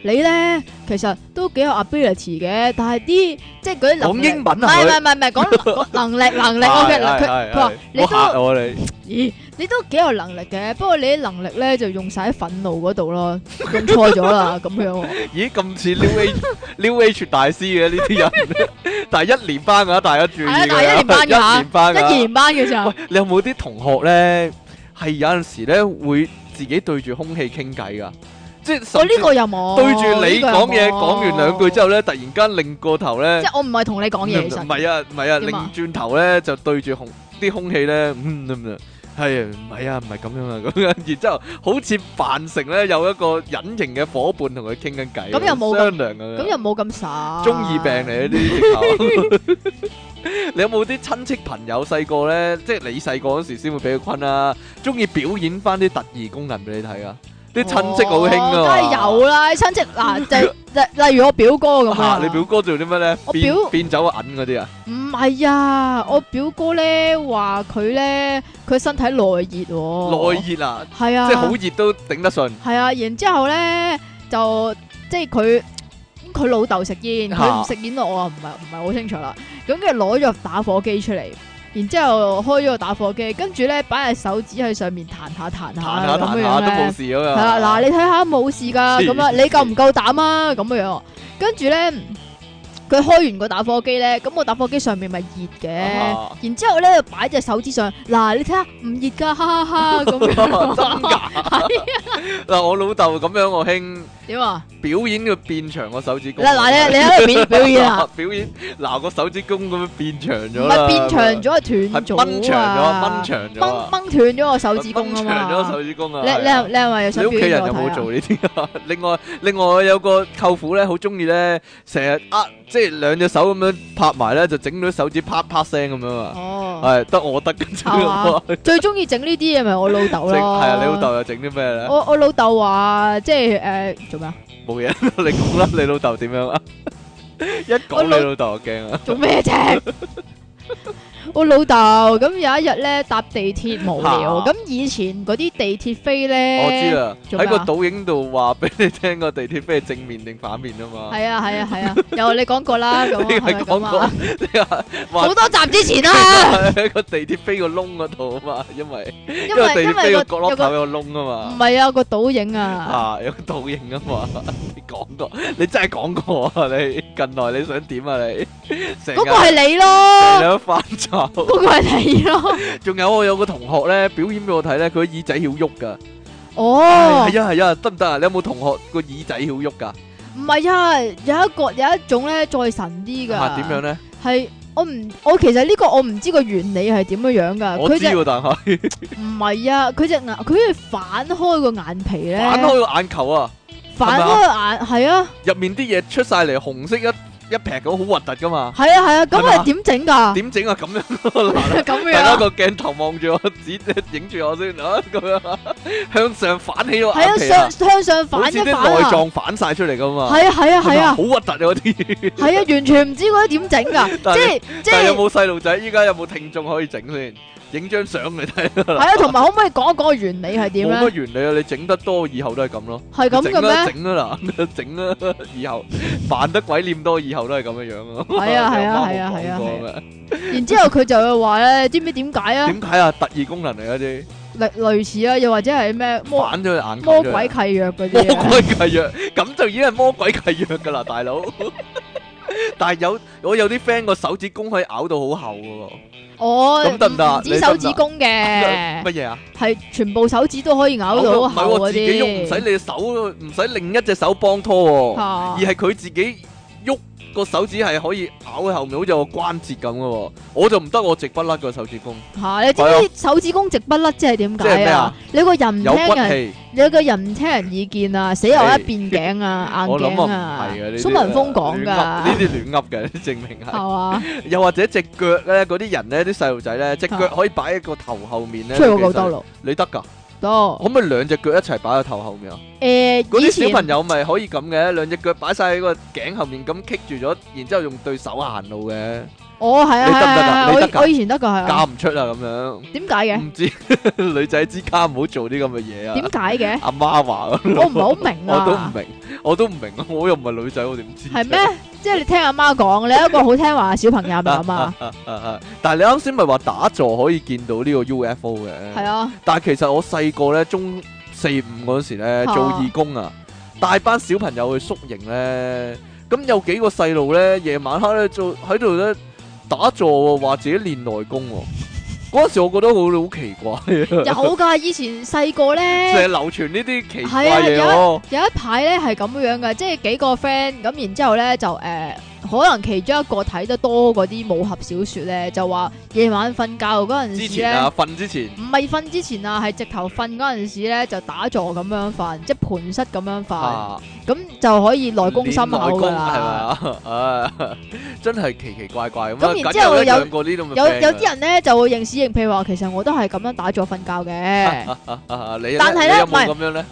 你咧其實都幾有 ability 嘅，但係啲即係嗰啲能力，講英文啊？唔係唔係唔係講能力能力嘅。佢佢話你都咦，你都幾有能力嘅。不過你啲能力咧就用晒喺憤怒嗰度咯。咁錯咗啦，咁樣。咦，咁似 New Age New Age 大師嘅呢啲人，但係一年班啊，大家注意啊，一年班嘅一年班嘅咋？你有冇啲同學咧係有陣時咧會自己對住空氣傾偈噶？我呢個又冇對住你講嘢，講完兩句之後咧，突然間擰過頭咧，即係我唔係同你講嘢，其實唔係啊，唔係啊，擰轉頭咧就對住空啲空氣咧，嗯，係啊，唔係啊，唔係咁樣啊，咁樣，然之後好似扮成咧有一個隱形嘅伙伴同佢傾緊偈，咁又冇商量，咁又冇咁耍，中二病嚟嗰啲，你有冇啲親戚朋友細個咧，即係你細個嗰時先會俾佢昆啊，中意表演翻啲特異功能俾你睇啊？啲親戚好興啊，梗係有啦， 親戚嗱，例例 例如我表哥咁樣，啊，你表哥做啲咩咧？變我表變走銀嗰啲啊？唔係啊，我表哥咧話佢咧，佢身體內熱喎，啊，內熱啊，係啊，即係好熱都頂得順。係啊，然之後咧就即係佢佢老豆食煙，佢唔食煙到我唔係唔係好清楚啦。咁佢攞咗打火機出嚟。然之後開咗個打火機，跟住咧擺隻手指喺上面彈下彈下，彈下彈下都冇事係啊，嗱，你睇下冇事噶。咁啊，你夠唔夠膽啊？咁樣，跟住咧佢開完個打火機咧，咁個打火機上面咪熱嘅，然之後咧擺隻手指上，嗱，你睇下唔熱噶，哈哈哈咁樣，真噶？嗱，我老豆咁樣，我兄。點啊！表演佢變長個手指公嗱嗱，你你喺度表表演啊！表演嗱個手指公咁樣變長咗啦，變長咗斷咗啊！崩長咗，崩長咗，崩斷咗個手指公啊！崩長咗手指公啊！你你你係話有想？你屋企人有冇做呢啲啊？另外另外有個舅父咧，好中意咧，成日呃即係兩隻手咁樣拍埋咧，就整到手指啪啪聲咁樣啊！哦，係得我得，最中意整呢啲嘢咪我老豆咯。係啊，你老豆又整啲咩咧？我我老豆話即係誒。冇嘢、啊沒事， 你講啦，你老豆點樣啊？ 一講說的你老豆就驚啊 什！做咩啫？我老豆咁有一日咧搭地鐵無聊，咁以前嗰啲地鐵飛咧，我知啦，喺個倒影度話俾你聽個地鐵飛係正面定反面啊嘛。係啊係啊係啊，有你講過啦，咁係講過，好多集之前啦，喺一個地鐵飛個窿嗰度啊嘛，因為因為地鐵飛個角落喺個窿啊嘛。唔係啊，個倒影啊。嚇有個倒影啊嘛，你講過，你真係講過啊你，近來你想點啊你？嗰個係你咯，你都犯錯。嗰個係第咯，仲 有我有個同學咧表演俾我睇咧，佢耳仔好喐噶。哦、oh. 哎，係啊，係啊，得唔得啊？你有冇同學個耳仔好喐噶？唔係啊，有一個有一種咧再神啲噶。點、啊、樣咧？係我唔我其實呢個我唔知個原理係點樣樣噶。我知喎，但係唔係啊，佢隻的、 啊、眼佢反開個眼皮咧，反開個眼球啊，反開眼係啊，入、啊、面啲嘢出晒嚟，紅色一。一劈咁好核突噶嘛？係啊，係啊，咁係點整噶？點整啊？咁樣，大家個鏡頭望住我，指，影住我先，咁樣向上反起咗眼皮係啊，向上反一反，好似啲內臟反晒出嚟噶嘛？係啊，係啊，係啊，好核突啊嗰啲。係啊，完全唔知嗰啲點整噶，即係。即係有冇細路仔？依家有冇聽眾可以整先？影張相嚟睇啦。係啊，同埋可唔可以講一講原理係點樣？冇乜原理啊，你整得多以後都係咁咯。係咁嘅咩？整啦，整啦，咁啊，整啦，以後扮得鬼念多，以後都係咁樣樣啊。係啊，係啊，係啊，係啊。然之後佢就會話咧，知唔知點解啊？點解啊？特異功能嚟嗰啲。類類似啊，又或者係咩？反咗眼。魔鬼契約嗰啲。魔鬼契約，咁就已經係魔鬼契約噶啦，大佬。但係有我有啲 friend 個手指公可以咬到好厚嘅，哦，咁得唔得？指手指公嘅，乜嘢啊？係全部手指都可以咬到自己喐，唔使你嘅手，唔使另一隻手幫拖，而係佢自己喐。個手指係可以咬喺後面，好似個關節咁咯。我就唔得，我直不甩個手指公。嚇，你知唔知手指公直不甩，即係點解啊？你個人唔聽人，你個人唔聽人意見啊，死牛一邊頸啊，硬頸啊。我諗係啊。蘇文峰講噶。呢啲亂噏嘅，證明係。又或者隻腳咧，嗰啲人咧，啲細路仔咧，隻腳可以擺喺個頭後面咧。追個九洲你得㗎？多可唔可以兩隻腳一齊擺喺頭後面啊？誒、欸，嗰啲小朋友咪可以咁嘅，兩隻腳擺晒喺個頸後面咁棘住咗，然之後用對手行路嘅。我係啊，我我以前得個係，嫁唔出啊咁樣。點解嘅？唔知，女仔之家唔好做啲咁嘅嘢啊。點解嘅？阿媽話，我唔係好明啊。我都唔明，我都唔明啊！我又唔係女仔，我點知？係咩？即係你聽阿媽講，你一個好聽話小朋友咪啊嘛。啊啊！但係你啱先咪話打坐可以見到呢個 UFO 嘅？係啊。但係其實我細個咧，中四五嗰時咧做義工啊，帶班小朋友去宿營，咧咁有幾個細路咧，夜晚黑咧做喺度咧。打坐啊，或者自己練內功喎。嗰時我覺得好好奇怪。 有㗎，以前細個咧，成 流傳呢啲奇怪嘢咯、啊。有一排咧係咁樣嘅，即係幾個 friend 咁，然之後咧就誒。呃可能其中一個睇得多嗰啲武俠小説咧，就話夜晚瞓覺嗰陣時咧，瞓之前唔係瞓之前啊，係直頭瞓嗰陣時咧就打坐咁樣瞓，即盤膝咁樣瞓，咁、啊、就可以內功深厚啦。係咪啊？ 真係奇奇怪怪咁。咁然之後有有有啲人咧就會認屎認，譬如話其實我都係咁樣打坐瞓覺嘅、啊啊啊。你呢但係咧唔係咁樣咧。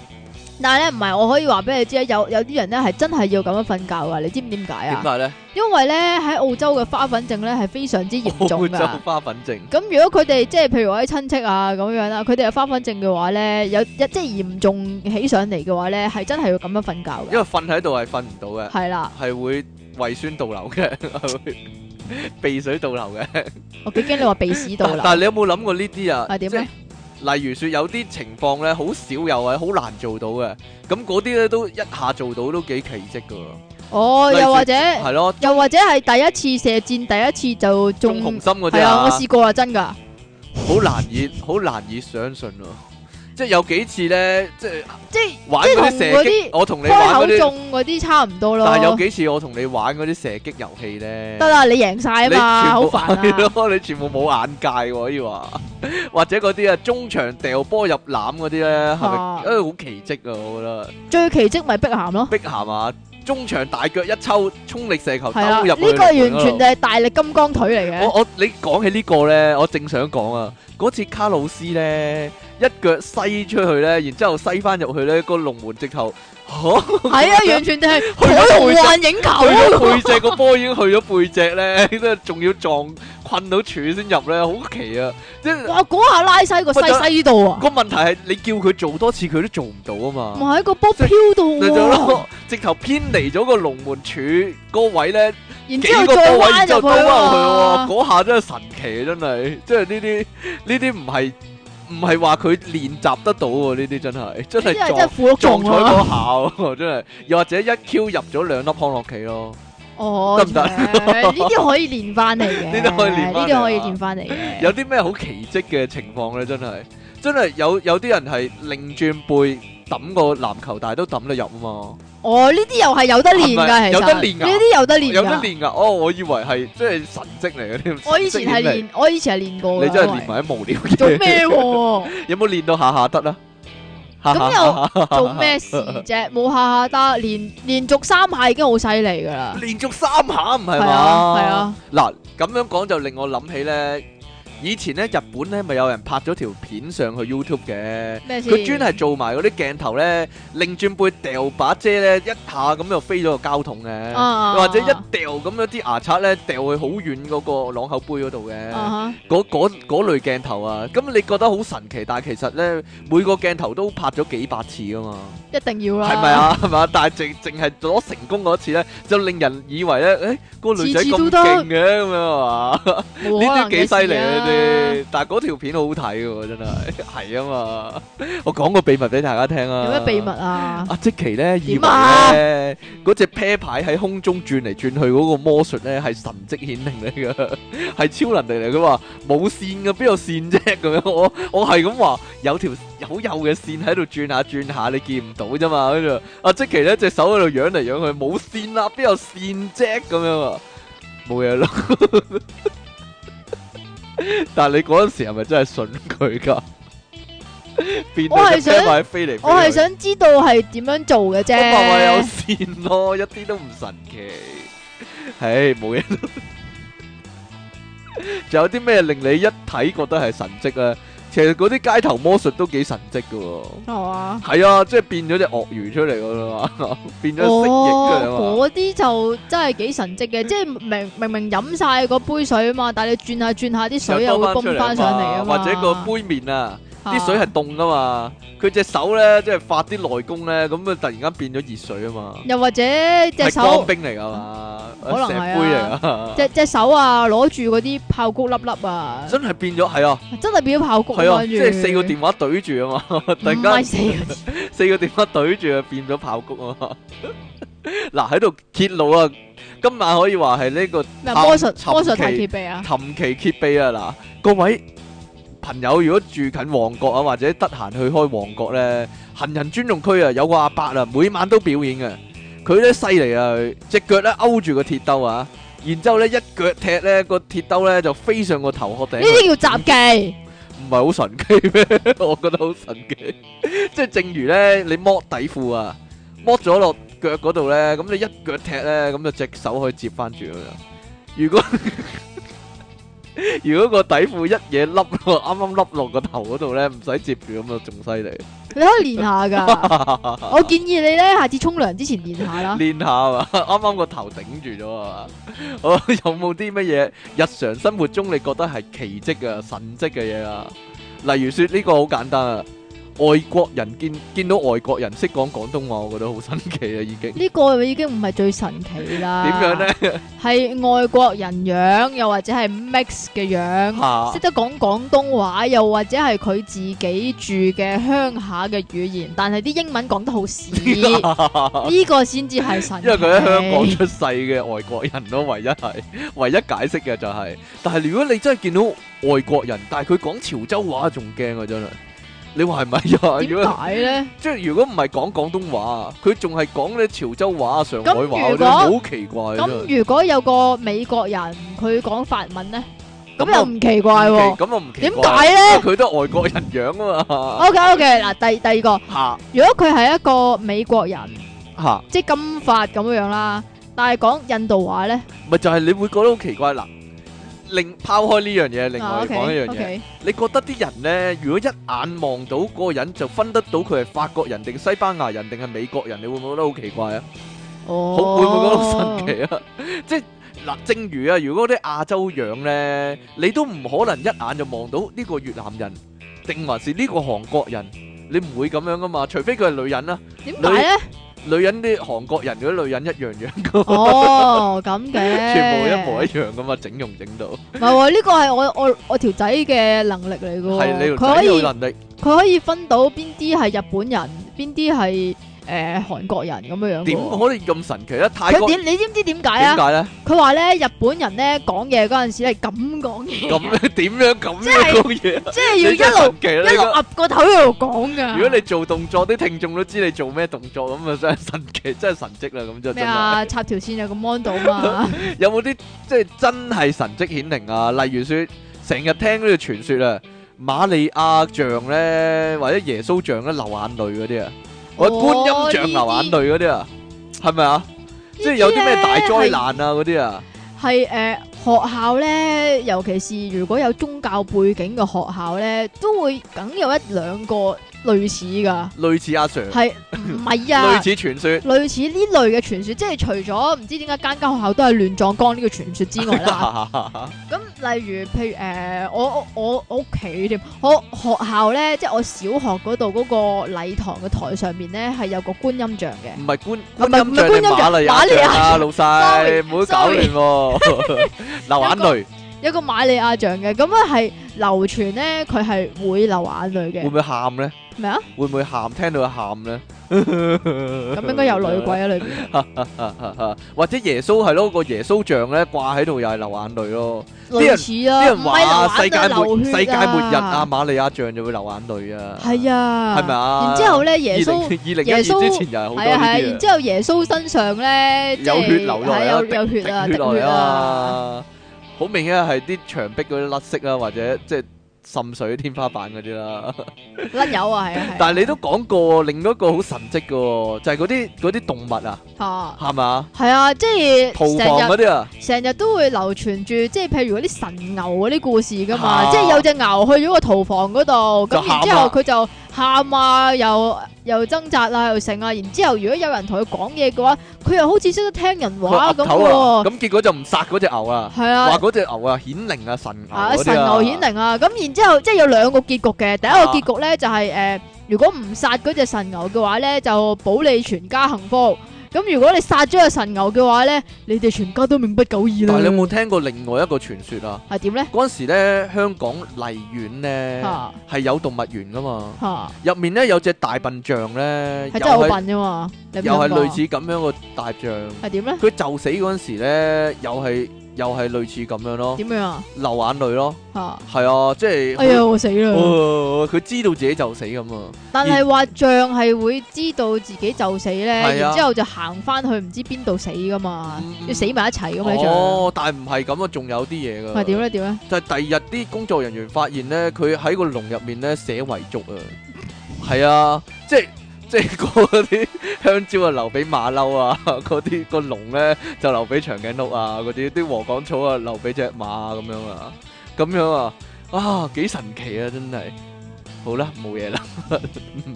但係咧，唔係我可以話俾你知啊，有有啲人咧係真係要咁樣瞓覺噶，你知唔知點解啊？點解咧？因為咧喺澳洲嘅花粉症咧係非常之嚴重噶。澳洲花粉症。咁如果佢哋即係譬如我啲親戚啊咁樣啦，佢哋有花粉症嘅話咧，有即係嚴重起上嚟嘅話咧，係真係要咁樣瞓覺。因為瞓喺度係瞓唔到嘅。係啦。係會胃酸倒流嘅，鼻 水倒流嘅。我幾驚你話鼻屎倒流 但。但係你有冇諗過呢啲啊？係點咧？例如説有啲情況咧，好少有係好難做到嘅，咁嗰啲咧都一下做到都幾奇蹟㗎。哦，又或者係咯，了都又或者係第一次射箭，第一次就中，中紅心嗰啲啊，啊！我試過啊，真㗎，好難以好難以相信咯。 即係有幾次咧，即係即係玩嗰啲，我同你玩嗰啲，開口中嗰啲差唔多咯。但係有幾次我同你玩嗰啲射擊遊戲咧，得啦，你贏晒啊嘛，好煩你全部冇、啊、 眼界喎，要話 或者嗰啲啊，中場掉波入籃嗰啲咧，係咪、啊？因為好奇蹟啊，我覺得最奇蹟咪碧咸咯，碧咸啊！中場大腳一抽，衝力射球、啊、入去，呢個完全就係大力金剛腿嚟嘅。我我你講起個呢個咧，我正想講啊，嗰次卡路斯咧。一腳西出去咧，然之後西翻入去咧，個龍門直頭吓，係啊，完全就係去到背脊，去到背脊個波已經去咗背脊咧，都仲要撞困到柱先入咧，好奇啊！哇，嗰下拉西個西西度啊！個問題係你叫佢做多次佢都做唔到啊嘛，咪喺個波飄到，直頭偏離咗個龍門柱嗰位咧，然之後再彎就兜入去，嗰下真係神奇，真係，即係呢啲呢啲唔係。唔係話佢練習得到喎，呢啲真係真係撞撞，撞彩嗰下， 真係又或者一 Q 入咗兩粒康樂棋咯，哦，得唔得？呢啲可以練翻嚟嘅，呢啲 可以練翻，呢啲可以練翻嚟 有啲咩好奇蹟嘅情況咧？真係真係有有啲人係擰轉背。抌個籃球，但係都抌得入啊嘛！哦，呢啲又係有得練噶，係真。呢啲有得練，有得練噶。哦，我以為係即係神蹟嚟嘅添。我以前係練，我以前係練過。你真係練埋啲無聊嘅。做咩？有冇練到下下得啦？咁又做咩事啫？冇下下得，連連續三下已經好犀利噶啦！連續三下唔係嘛？係啊。嗱，咁樣講就令我諗起咧。以前咧，日本咧，咪有人拍咗條片上去 YouTube 嘅，佢專係做埋嗰啲鏡頭咧，擰轉背掉把遮咧一下咁就飛咗個膠桶嘅，啊啊啊啊或者一掉咁嗰啲牙刷咧掉去好遠嗰個啷口杯嗰度嘅，嗰嗰嗰類鏡頭啊，咁你覺得好神奇，但係其實咧，每個鏡頭都拍咗幾百次啊嘛，一定要啊，係咪啊？係 嘛？但係淨淨係攞成功嗰次咧，就令人以為咧，誒、欸嗰個女仔咁勁嘅咁樣啊嘛，呢啲幾犀利啊！但係嗰條片好好睇嘅，真係係啊嘛！我講個秘密俾大家聽啊！有咩秘密啊？阿積淇咧，二話咧，嗰隻啤牌喺空中轉嚟轉去，嗰個魔術咧係神蹟顯靈嚟嘅，係超能力嚟嘅話，冇綫嘅，邊有綫啫？咁樣我我係咁話，有條好幼嘅綫喺度轉下轉下，你見唔到啫嘛？跟住阿積淇咧，一隻手喺度揚嚟揚去，冇綫啊，邊有綫啫？咁樣啊，冇嘢囉。但係你嗰陣時係咪真係信佢噶？我係想，我係想知道係點樣做嘅啫。我話有線咯，一啲都唔神奇。唉，冇嘢。仲有啲咩令你一睇覺得係神跡啊？其實嗰啲街頭魔術都幾神跡嘅喎，係、哦、啊，啊，即係變咗隻鱷魚出嚟嘅啦嘛， 變咗蜥蜴嘅。嗰啲就真係幾神跡嘅， 即係明明明飲晒嗰杯水啊嘛，但係你轉下轉下啲水又會泵翻上嚟啊嘛，或者個杯面啊。啲水係凍噶嘛，佢隻手咧即係發啲內功咧，咁啊突然間變咗熱水啊嘛。又或者隻手係鋼冰嚟噶嘛，可能係杯嚟噶。隻隻手啊，攞住嗰啲炮谷粒粒啊。真係變咗，係啊。真係變咗炮谷啊。係啊，即係四個電話對住啊嘛。大家四四個電話對住啊，變咗炮谷啊。嗱，喺度揭露啊，今晚可以話係呢個魔術魔術大揭秘啊，積淇揭秘啊，嗱，各位。朋友如果住近旺角啊，或者得閒去開旺角咧，行人專用區啊，有個阿伯啊，每晚都表演嘅。佢咧犀利啊，隻腳咧勾住個鐵兜啊，然之後咧一腳踢咧個鐵兜咧就飛上個頭殼頂。呢啲叫雜技，唔係好神奇咩？我覺得好神奇，即係正如咧你剝底褲啊，剝咗落腳嗰度咧，咁你一腳踢咧，咁就隻手去接翻住佢啦。如果 如果個底褲一嘢笠落，啱啱笠落個頭嗰度咧，唔使接住咁啊，仲犀利！你可以練下噶， 我建議你咧下次沖涼之前練 下啦。練下啊嘛，啱啱個頭頂住咗啊嘛。 有冇啲乜嘢日常生活中你覺得係奇蹟啊、神蹟嘅嘢啊？ 例如說呢個好簡單啊。外國人見見到外國人識講廣東話，我覺得好神奇啊！已經呢個已經唔係最神奇啦。點樣呢？係 外國人樣，又或者係 mix 嘅樣，識、啊、得講廣東話，又或者係佢自己住嘅鄉下嘅語言，但係啲英文講得好屎，呢 個先至係神。 因為佢喺香港出世嘅外國人咯，唯一係唯一解釋嘅就係、是。但係如果你真係見到外國人，但係佢講潮州話，仲驚啊！真係。你話係咪啊？點解咧？即係如果唔係講廣東話，佢仲係講咧潮州話、上海話，好奇怪啊！咁如果有個美國人佢講法文咧，咁又唔奇怪喎？咁又唔奇怪？點解咧？因為佢都係外國人樣啊嘛。OK OK，嗱第第二個，如果佢係一個美國人，嚇，即係金髮咁樣啦，但係講印度話咧，咪就係你會覺得好奇怪啦。另拋開呢樣嘢，另外講一樣嘢。Oh, okay, okay. 你覺得啲人呢，如果一眼望到嗰個人就分得到佢係法國人定西班牙人定係美國人，你會唔會覺得好奇怪啊？好，oh. 會唔會覺得好神奇啊？即係嗱，正如啊，如果啲亞洲樣呢，你都唔可能一眼就望到呢個越南人定還是呢個韓國人，你唔會咁樣噶嘛？除非佢係女人啦，點解咧？女女人啲韓國人嗰啲女人一樣樣嘅，哦，哦咁嘅， 全部一模一樣㗎嘛，整容整到、 哦。唔係喎，呢個係我我我條仔嘅能力嚟嘅喎，係你條仔嘅能力。佢可以佢可以分到邊啲係日本人，邊啲係。誒韓國人咁樣樣點可以咁神奇咧？泰佢點你知唔知點解咧？點解咧？佢話咧，日本人咧講嘢嗰陣時係咁講嘢，咁樣點樣咁樣講嘢？即係要一路一路揼個頭喺度講噶。如果你做動作，啲聽眾都知你做咩動作咁啊！真係神奇，真係神蹟啦！咁就真係插條線就咁安到嘛？有冇啲即係真係神蹟顯靈啊？例如說，成日聽呢個傳說啊，瑪利亞像咧或者耶穌像咧流眼淚嗰啲啊？我觀音像流眼淚嗰啲些啊，係咪啊？即係有啲咩大災難啊嗰啲是啊？係誒。學校咧，尤其是如果有宗教背景嘅學校咧，都會梗有一兩個類似㗎。類似阿 Sir 係唔係啊？Sir、是是啊 類似傳說，類似呢類嘅傳說，即係除咗唔知點解間間學校都係亂葬崗呢個傳說之外啦。咁 例如，譬如誒、呃，我我屋企添，我，我，我，我學校咧，即、就、係、是、我小學嗰度嗰個禮堂嘅台上面咧，係有個觀音像嘅。唔係觀，唔係觀音像、啊，你瑪利亞嚟㗎！老細，唔好 Sorry, 搞亂喎。流眼淚，有個瑪利亞像嘅，咁啊係流傳咧，佢係會流眼淚嘅，會唔會喊咧？咩啊？會唔會喊？聽到佢喊咧？咁應該有女鬼喺裏邊，或者耶穌係咯個耶穌像咧掛喺度又係流眼淚咯。啲人啲人話世界末世界末日啊，瑪利亞像就會流眼淚啊。係啊，係咪啊？然之後咧耶穌二零一二之前又係好多啲。係啊係啊，然之後耶穌身上咧有血流落嚟啊，有血啊，滴血啊，好明顯係啲牆壁嗰啲甩色啊，或者即係。滲水天花板嗰啲啦，甩 油啊，係啊，啊 但係你都講過另一個好神蹟嘅，就係嗰啲嗰啲動物啊，係嘛、啊？係吧啊，即係屠房嗰啲啊，成日都會流傳住，即係譬如嗰啲神牛嗰啲故事噶嘛，啊、即係有隻牛去咗個屠房嗰度，咁然之後佢就。喊啊，又又掙扎啦，又成啊，啊！然之後如果有人同佢講嘢嘅話，佢又好似識得聽人話咁、啊。咁結果就唔殺嗰隻牛啊！係啊，話嗰隻牛啊顯靈啊，神牛嚟嘅、啊。神牛顯靈啊！咁然之後即係有兩個結局嘅，第一個結局咧、啊、就係、是、誒、呃，如果唔殺嗰隻神牛嘅話咧，就保你全家幸福。咁如果你殺咗個神牛嘅話呢，你哋全家都命不久矣啦。但係你有冇聽過另外一個傳說啊？係點呢？嗰陣時咧，香港荔園呢，係哈有動物園噶嘛？入哈面呢，有隻大笨象呢，係真係好笨啫嘛，又係是類似咁樣個大象。係點呢？佢就死嗰陣時咧，又係。又係類似咁樣咯，點樣啊？流眼淚咯，吓係啊，啊，即係哎呀，我死啦！佢、哦、知道自己就死咁啊，但係話像係會知道自己就死咧，而然之後就行翻去唔知邊度死噶嘛，嗯、要死埋一齊咁、哦、象樣。哦，但係唔係咁啊，仲有啲嘢噶。係點咧？點咧？就係第二日啲工作人員發現咧，佢喺個籠入面咧寫遺囑啊，係 啊，即係。即係嗰啲香蕉啊，那那留俾馬騮啊；嗰啲個龍咧就留俾長頸鹿啊；嗰啲啲禾稈草啊留俾隻馬咁樣啊，咁樣啊，哇幾神奇啊，真係。好啦，冇嘢啦，唔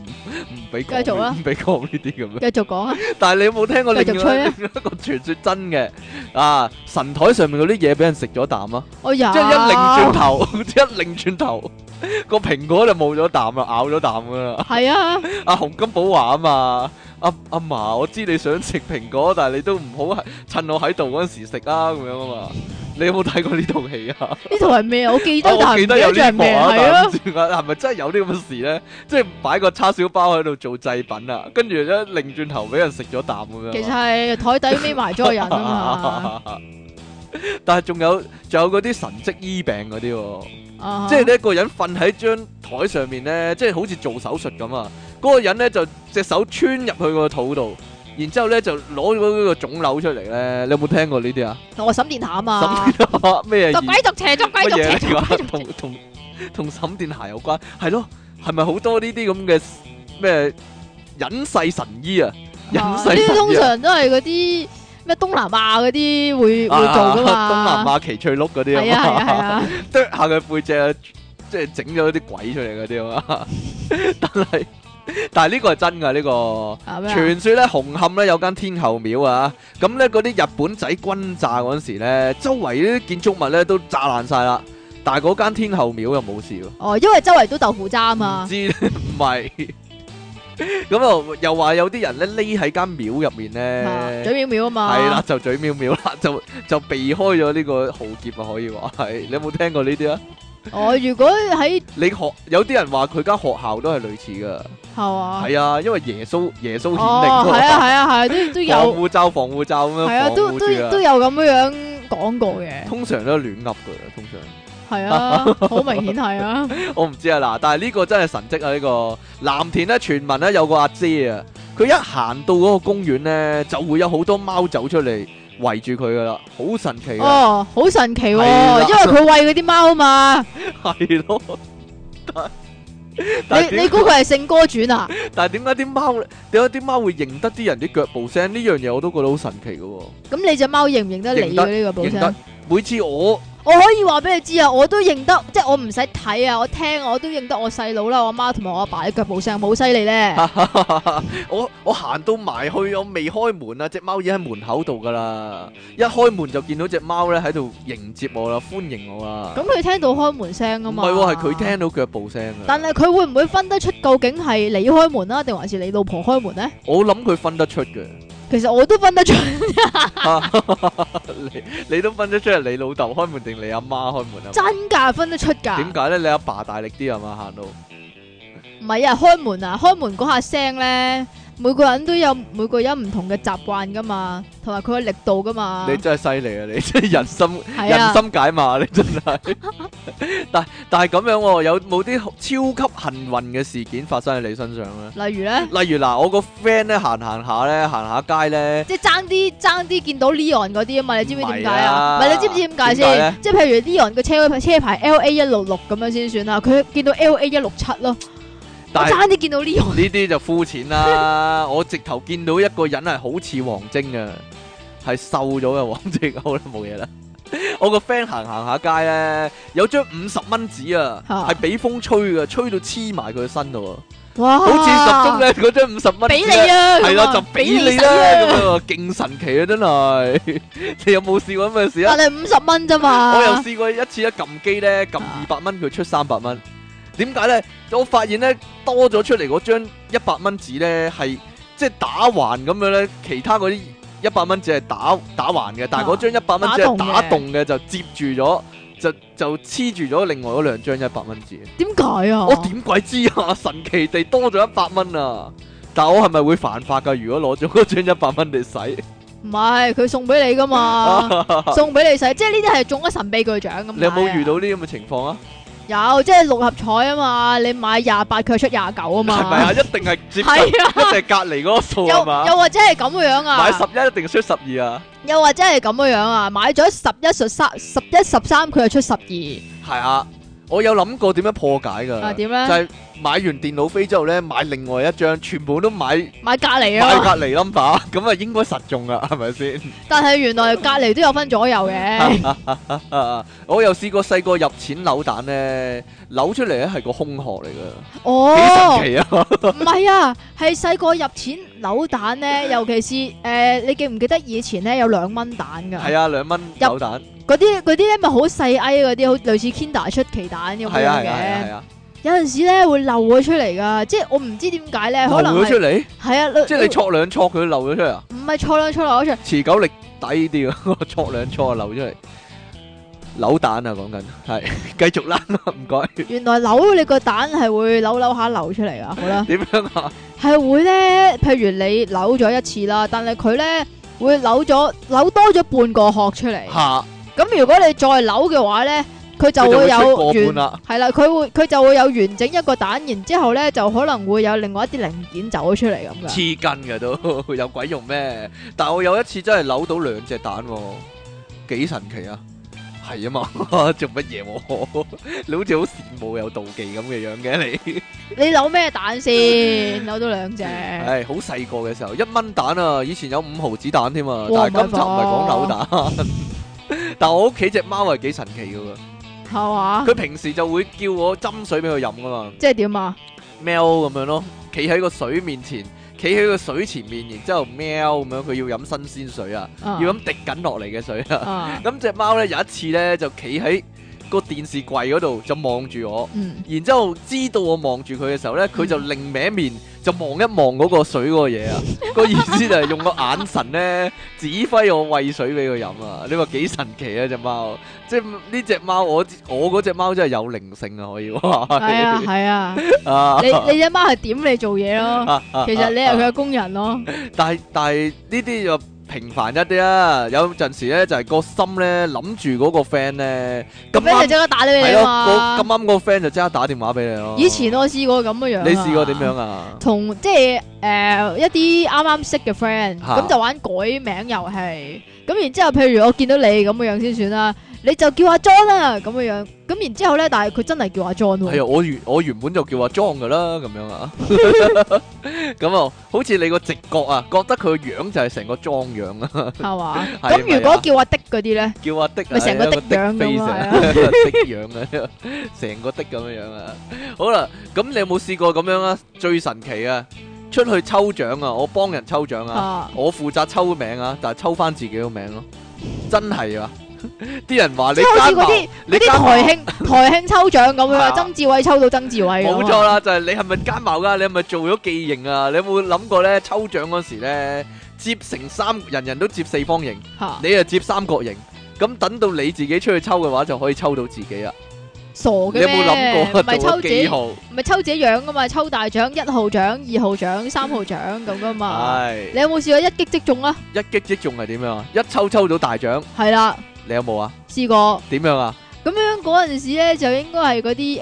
唔俾講，唔俾講呢啲咁。繼續講啊！ 但係你有冇聽過另一個傳說真嘅啊？神台上面嗰啲嘢俾人食咗啖啊！我有、哎呀，即係一擰轉頭， 一擰轉頭，個蘋果就冇咗啖啊，咬咗啖啦。係啊！阿、啊 啊、洪金寶話啊嘛，阿阿嫲，我知你想食蘋果，但係你都唔好趁我喺度嗰時食啊，咁樣啊。你有冇睇過呢套戲啊？呢套係咩？我記得 但記得有呢幕啊？係咪命真係有啲咁嘅事咧？ 即係擺個叉燒包喺度做祭品啊？跟住咧擰轉頭俾人食咗啖咁樣。其實係台底匿埋咗個人啊嘛。但係仲有仲有嗰啲神蹟醫病嗰啲，即係呢個人瞓喺張台上面咧，即係好似做手術咁啊。嗰個人咧就隻手穿入去個肚度。然之後咧就攞咗嗰個腫瘤出嚟咧，你有冇聽過呢啲啊？同個沈殿霞啊嘛，咩嘢？捉鬼捉邪捉鬼捉邪捉鬼，同同同沈殿霞、呃、有關，係咯？係咪好多呢啲咁嘅咩隱世神醫啊？隱、啊、世神醫、啊、通常都係嗰啲咩東南亞嗰啲會會做噶嘛啊啊？東南亞奇趣錄嗰啲啊，係係、啊，啊啊、 下佢背脊，即係整咗啲鬼出嚟嗰啲啊， 但係。但係、這個啊、呢個係真噶，呢個傳說咧，紅磡咧有間天后廟啊，咁咧嗰啲日本仔轟炸嗰陣時咧，周圍啲建築物咧都炸爛晒啦，但係嗰間天后廟又冇事喎、啊。哦，因為周圍都豆腐渣啊嘛。知唔係？咁 不是 又又話有啲人咧匿喺間廟入面咧、啊，嘴廟廟啊嘛。係啦，就嘴廟廟啦，就就避開咗呢個浩劫啊，可以話係。你有冇聽過呢啲啊？哦，如果喺你學有啲人話佢間學校都係類似噶，係嘛吧？係啊，因為耶穌耶穌顯靈，係、哦、啊係啊係、啊，都護罩護罩都有護罩防護罩咁樣，係啊都都都有咁樣樣講過嘅。通常都亂噏噶，通常係啊，好明顯係啊。 我唔知啊嗱，但係呢個真係神蹟啊呢、這個藍田咧，傳聞咧有個阿姐啊，佢一行到嗰個公園咧，就會有好多貓走出嚟。圍住佢噶啦，好神奇、哦、啊！哦，好神奇，因為佢餵嗰啲貓嘛。係咯，但係你你估佢係聖歌主啊？但係點解啲貓點解啲貓會認得啲人啲腳步聲呢樣嘢？我都覺得好神奇噶。咁你隻貓認唔認得你嘅呢得個步聲？每次我。我可以話俾你知啊，我都認得，即係我唔使睇啊，我聽我都認得我細佬啦，我媽同埋我阿爸啲腳步聲好犀利咧。我我行到埋去，我未開門啊，隻貓已經喺門口度噶啦，一開門就見到隻貓咧喺度迎接我啦，歡迎我啊。咁佢聽到開門聲啊嘛。唔係啊，係佢聽到腳步聲啊。但係佢會唔會分得出究竟係你開門啊，定還是你老婆開門咧？我諗佢分得出嘅。其實我都分得出，你你都分得出係你老豆開門定你阿媽開門啊？真噶，分得出噶。點解咧？你阿爸,爸大力啲係嘛？行路唔係 啊，開門啊，開門嗰下聲咧。每個人都有每個人唔同嘅習慣噶嘛，同埋佢嘅力度噶嘛。你真係犀利啊！你真係人心人心解嘛，你真係。但但係咁樣喎，有冇啲超級幸運嘅事件發生喺你身上咧？例如咧？例如嗱，我個 friend 咧，行行下咧，行下街咧，即係爭啲爭啲見到 Leon 嗰啲啊嘛，你知唔知點解啊？唔係你知唔知點解先？即係譬如 Leon 個車車牌 L A 一六六，咁樣先算啦，佢見到 L A 一六七咯。但差啲見到呢呢啲就膚淺啦， 我直頭見到一個人係好似王晶 啊，係瘦咗嘅王晶，好啦冇嘢啦。我個 friend 行行下街咧，有張五十蚊紙啊，係俾風吹嘅，吹到黐埋佢身度哇！好似十中咧，嗰張五十蚊俾你啊，係啦就俾你啦，咁啊，勁樣神、啊、神奇啊真係。 你有冇試過咁嘅事是你是啊？但你五十蚊咋嘛？我又試過一次一撳機咧，撳二百蚊佢出三百蚊。啊點解咧？我發現咧，多咗出嚟嗰張一百蚊紙咧，係即係打橫咁樣咧。其他嗰啲一百蚊紙係打打橫嘅，但係嗰張一百蚊紙係打動嘅，就接住咗就就黐住咗另外嗰兩張一百蚊紙。點解啊？我點、哦、鬼知啊？神奇地多咗一百蚊啊！但係我係咪會犯法噶？如果攞咗嗰張一百蚊嚟使，唔係佢送俾你噶嘛？ 送俾你使，即係呢啲係中咗神秘巨獎咁。你有冇遇到呢啲咁嘅情況啊？ 有，即係六合彩啊嘛，你買廿八佢出廿九啊嘛，係咪啊？一定係接， 係啊、 一定係隔離嗰個數又，又或者係咁樣，、啊啊、樣啊？買十一一定出十二啊？又或者係咁樣啊？買咗十一十三，十一十三佢就出十二，係啊。我有諗過點樣破解噶。啊、點樣就係買完電腦飛之後咧，買另外一張，全部都買買隔籬啊，買隔籬 number，咁啊應該實中噶，係咪先？ 但係原來隔籬都有分左右嘅， 我又試過細個入錢扭蛋咧，扭出嚟咧係個空殼嚟噶，幾、oh！神奇啊！唔係啊，係細個入錢扭蛋咧，尤其是誒、呃，你記唔記得以前咧有兩蚊蛋噶？係啊入，兩蚊扭蛋。嗰啲嗰啲咧咪好細埃嗰啲，好類似 Kinder 出奇蛋咁樣嘅。啊啊啊啊、有陣時咧會漏咗出嚟噶，即係我唔知點解咧，可能漏咗出嚟？係啊，即係你戳兩戳，佢漏咗出嚟。唔係戳兩戳，漏咗出嚟。持久力低啲啊，戳兩戳，就流出嚟。扭蛋啊，講緊係繼續啦，唔該。原來扭你個蛋係會扭一扭下扭，扭出嚟啊。好啦。點樣啊？係會咧，譬如你扭咗一次啦，但係佢咧會扭咗扭多咗半個殼出嚟。咁如果你再扭嘅話呢，佢就會有完係啦，佢會佢就會有完整一個蛋，然之後呢就可能會有另外一啲零件走出嚟咁嘅。黐筋嘅都有鬼用咩？但我有一次真係扭到兩隻蛋，哦，幾神奇啊！係啊嘛，做乜嘢，啊？你好似好羨慕有妒忌咁嘅樣嘅，啊，你。你扭咩蛋先？ 扭到兩隻？係好細個嘅時候，一蚊蛋啊！以前有五毫子蛋添啊，哦，但係今集唔係講扭蛋。 但係我屋企隻貓係幾神奇噶喎，係嘛吧？佢平時就會叫我斟水俾佢飲噶嘛，即係點啊？喵咁樣咯，企喺個水面前，企喺個水前面，然之後喵咁樣，佢要飲新鮮水啊，uh huh. 要咁滴緊落嚟嘅水啊，咁隻貓咧有一次咧就企喺。個電視櫃嗰度，就望住我，嗯、然之後知道我望住佢嘅時候咧，佢就另歪面，面就望一望嗰個水嗰個嘢啊。 個意思就係用個眼神咧指揮我餵水俾佢飲啊！你話幾神奇啊隻貓，即係呢隻貓我我嗰隻貓真係有靈性啊，可以係啊係啊，啊 你你隻貓係點你做嘢咯？其實你係佢嘅工人咯。 但係但係呢啲又。平凡一啲啦，有陣時咧就係個心咧諗住嗰個 friend 咧，咁啱就即刻打你俾你嘛。咁啱個 friend 就即刻打電話俾你咯。以前我試過咁嘅樣、啊。你試過點樣啊？同即係誒、呃、一啲啱啱識嘅 friend，咁就玩改名遊戲。咁、啊、然之後，譬如我見到你咁嘅樣先算啦、啊，你就叫阿莊啦咁嘅樣。咁然之後咧，但係佢真係叫阿 John 喎。係啊，我原我原本就叫阿 John 噶啦，咁樣啊。咁啊， 好似你個直覺啊，覺得佢個樣就係成個莊樣啊。係咁吧、啊、如果叫阿的嗰啲咧，叫阿的咪成個的樣咁啊。的，的樣啊，成 個的咁樣啊 的樣啊。好啦，咁你有冇試過咁樣啊？最神奇啊！出去抽獎啊，我幫人抽獎啊，啊我負責抽名啊，但係抽翻自己個名咯、啊，真係啊！啲人話你奸毛，你啲台慶台慶抽獎咁樣，曾志偉抽到曾志偉，冇錯啦，就係你係咪奸毛噶？你係咪做咗記形啊？你有冇諗過咧？抽獎嗰時咧，接成三，人人都接四方形，你就接三角形，咁等到你自己出去抽嘅話，就可以抽到自己啦。傻嘅咩？你有冇諗過？唔係抽幾號，唔係抽自己樣噶嘛？抽大獎、一號獎、二號獎、三號獎咁噶嘛？係你有冇試過一擊即中啊？一擊即中係點樣？一抽抽到大獎？係啦。你有冇啊？試過點樣啊？咁樣嗰陣時咧，就應該係嗰啲誒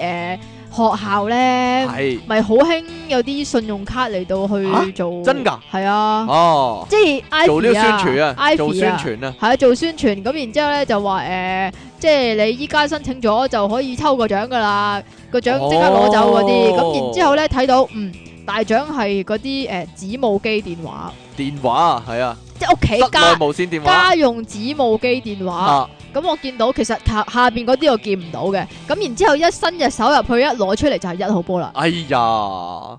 學校咧，係咪好興有啲信用卡嚟到去做真㗎？係啊，啊哦，即係 Ivy 啊，做啲宣傳啊，Ivy 啊，係啊，做宣傳。咁然之後咧就話誒、呃，即係你依家申請咗就可以抽個獎㗎啦，個獎即刻攞走嗰啲。咁、哦、然之後咧睇到嗯。大獎係嗰啲誒，子母機電話，電話啊，係啊，即係屋企家家用子母機電話。咁、啊嗯、我見到其實下下邊嗰啲我見唔到嘅，咁、嗯、然之後一伸隻手入去，一攞出嚟就係一號波啦。哎呀，咁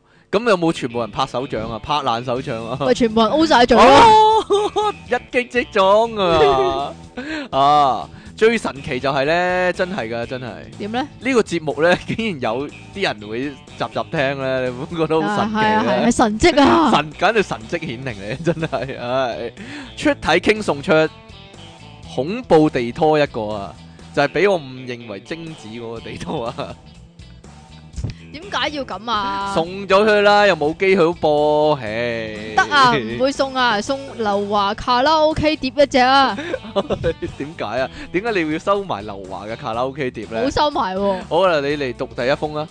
有冇全部人拍手掌啊？拍爛手掌啊！喂， 全部人 O 晒獎，一擊即中啊！Oh! 啊！ 最神奇就係咧，真係噶，真係點咧？呢個節目咧，竟然有啲人會集集聽咧，你、啊、覺得好神奇。係啊係，係神蹟啊？啊啊神簡直、啊、神蹟顯靈嚟，真係唉、哎！出體 King 送出恐怖地拖一個啊，就係、是、俾我誤認為精子嗰個地拖啊。點解要咁啊？送咗佢啦，又冇機佢都播，唉！得啊，唔會送啊，送劉華卡拉 OK 碟一隻啊！點解啊？點解你要收埋劉華嘅卡拉 OK 碟咧？冇收埋。好啦，你嚟讀第一封啦，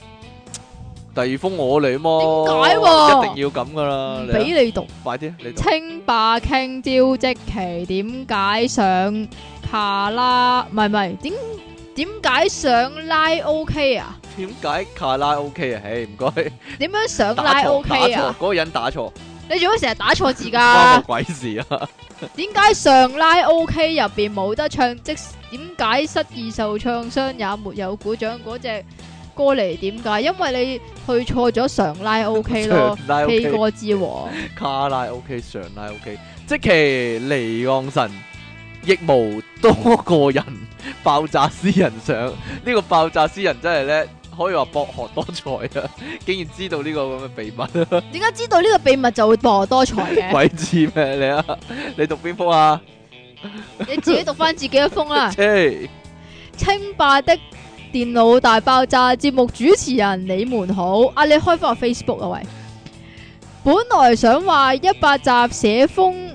第二封我嚟麼？點解？一定要咁噶啦！俾你讀，快啲，你讀。清霸傾朝積淇，點解上卡拉？唔係唔係，點？點解上拉 OK 啊？點解卡拉 OK 啊？唉，唔該。點樣上拉 OK 啊？嗰個人打錯。你仲要成日打錯字噶？關我鬼事啊！點解上拉 OK 入邊冇得唱，即點解失意受唱傷也沒有鼓掌？嗰隻歌嚟點解？因為你去錯咗上拉 OK 咯，K 歌之王。卡拉 OK 上拉 OK，積淇離岸神。亦無多個人爆炸詩人上，呢、呢個爆炸詩人真係咧可以話博學多才啊！竟然知道呢個咁嘅秘密，點解知道呢個秘密就會博學多才嘅？鬼知咩你啊？你讀邊科啊？你自己讀翻自己一封啊！ 清霸的電腦大爆炸節目主持人，你們好啊！你開翻個 Facebook 啊，喂！本來想話一百集寫封。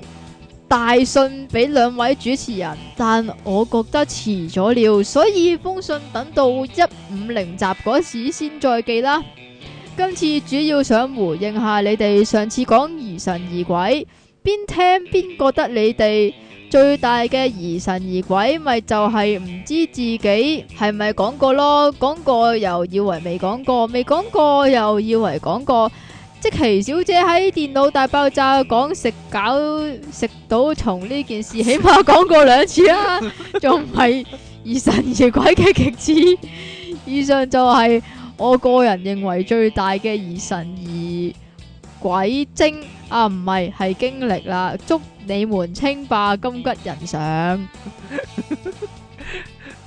大信俾兩位主持人，但我覺得遲咗了，所以封信等到一五零集嗰時先再寄啦。今次主要想回應下你哋上次講疑神疑鬼，邊聽邊覺得你哋最大嘅疑神疑鬼，咪就係、是、唔知自己係咪講過咯？講過又以為未講過，未講過又以為講過。即奇小姐喺電腦大爆炸講食狗食到蟲呢件事， 起碼講過兩次啦，啊，仲唔係疑神疑鬼嘅極致。以上就係我個人認為最大嘅疑神疑鬼精，啊，唔係係經歷啦，祝你們稱霸金吉人上。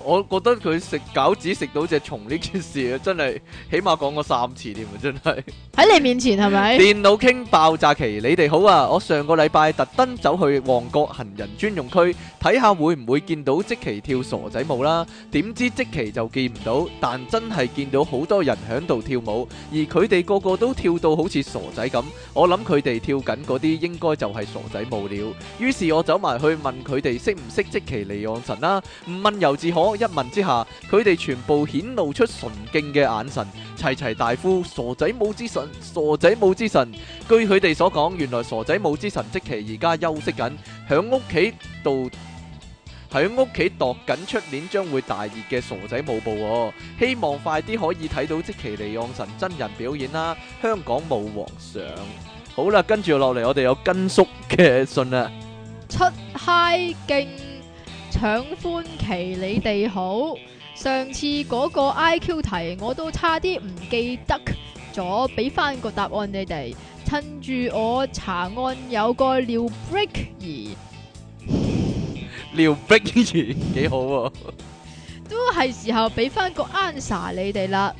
我覺得佢食餃子食到隻蟲呢件事啊，真係起碼講過三次添啊，真係喺你面前係咪？ 電腦傾爆炸期？你哋好啊！我上個禮拜特登走去旺角行人專用區睇下會唔會見到積淇跳傻仔舞啦。點知積淇就見唔到，但真係見到好多人喺度跳舞，而佢哋個個都跳到好似傻仔咁。我諗佢哋跳緊嗰啲應該就係傻仔舞了。於是我走埋去問佢哋識唔識積淇離岸神啦、啊，唔問由自可。一問之下，佢哋全部顯露出純淨嘅眼神，齊齊大呼：傻仔舞之神，傻仔舞之神！據佢哋所講，原來傻仔舞之神積淇而家休息緊，響屋企度，響屋企度緊出年將會大熱嘅傻仔舞步哦！希望快啲可以睇到積淇離岸神真人表演啦！香港舞王上，好啦，跟住落嚟我哋有根叔嘅信啊，出 h i 搶歡期你哋好，上次嗰個 IQ 題我都差啲唔記得咗，俾翻個答案你哋。趁住我查案有個廖 break 兒，廖、e、 break、e，幾好啊！都係時候俾翻個 answer 你哋啦。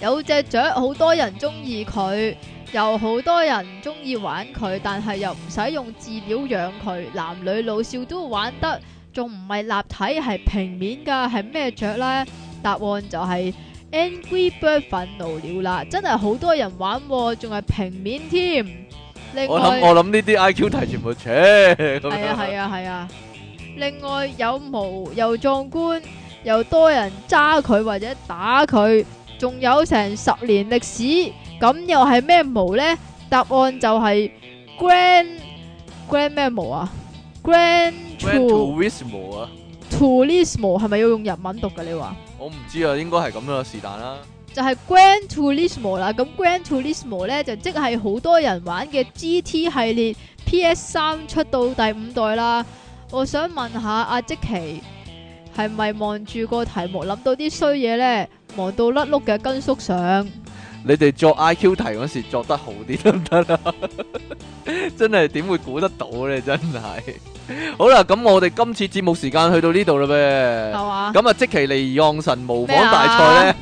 有隻雀，好多人中意佢，又好多人中意玩佢，但係又唔使用飼料養佢，男女老少都玩得。仲唔係立體係平面噶係咩雀咧？答案就係 Angry Bird 憤怒鳥啦！真係好多人玩，仲係平面添。另外，我諗我諗呢啲 IQ 題全部扯。係啊係啊係啊！另外有毛又壯觀又多人揸佢或者打佢，仲有成十年歷史，咁又係咩毛咧？答案就係 Grand Grand 咩毛啊？Grand Gran Turismo 啊 Turismo 係咪要用日文讀噶？你話我唔知啊，應該係咁嘅是但啦。就係 Gran Turismo 啦，咁 Gran Turismo 咧就即係好多人玩嘅 GT 系列，PS 三出到第五代啦。我想問下阿積淇，係咪望住個題目諗到啲衰嘢咧，忙到甩碌嘅根叔上？你哋作 I.Q 題嗰時作得好啲得唔得啦，真係點會估得到咧？真係好啦，咁我哋今次節目時間去到呢度啦唄，係嘛？咁啊，積淇離岸神模仿大賽咧，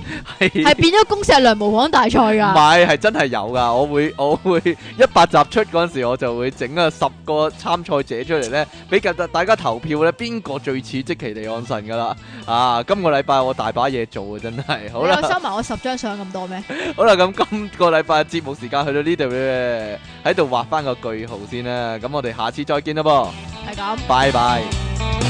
係係變咗公石良模仿大賽噶，唔係係真係有噶，我會我會一百集出嗰時，我就會整啊十個參賽者出嚟咧，俾大大家投票咧，邊個最似積淇離岸神噶啦？啊，今個禮拜我大把嘢做啊，真係好啦。收埋我十張相咁多咩？好。咁今個禮拜節目時間去到呢度咧，喺度畫翻個句號先啦。咁我哋下次再見啦，噃係咁，拜拜。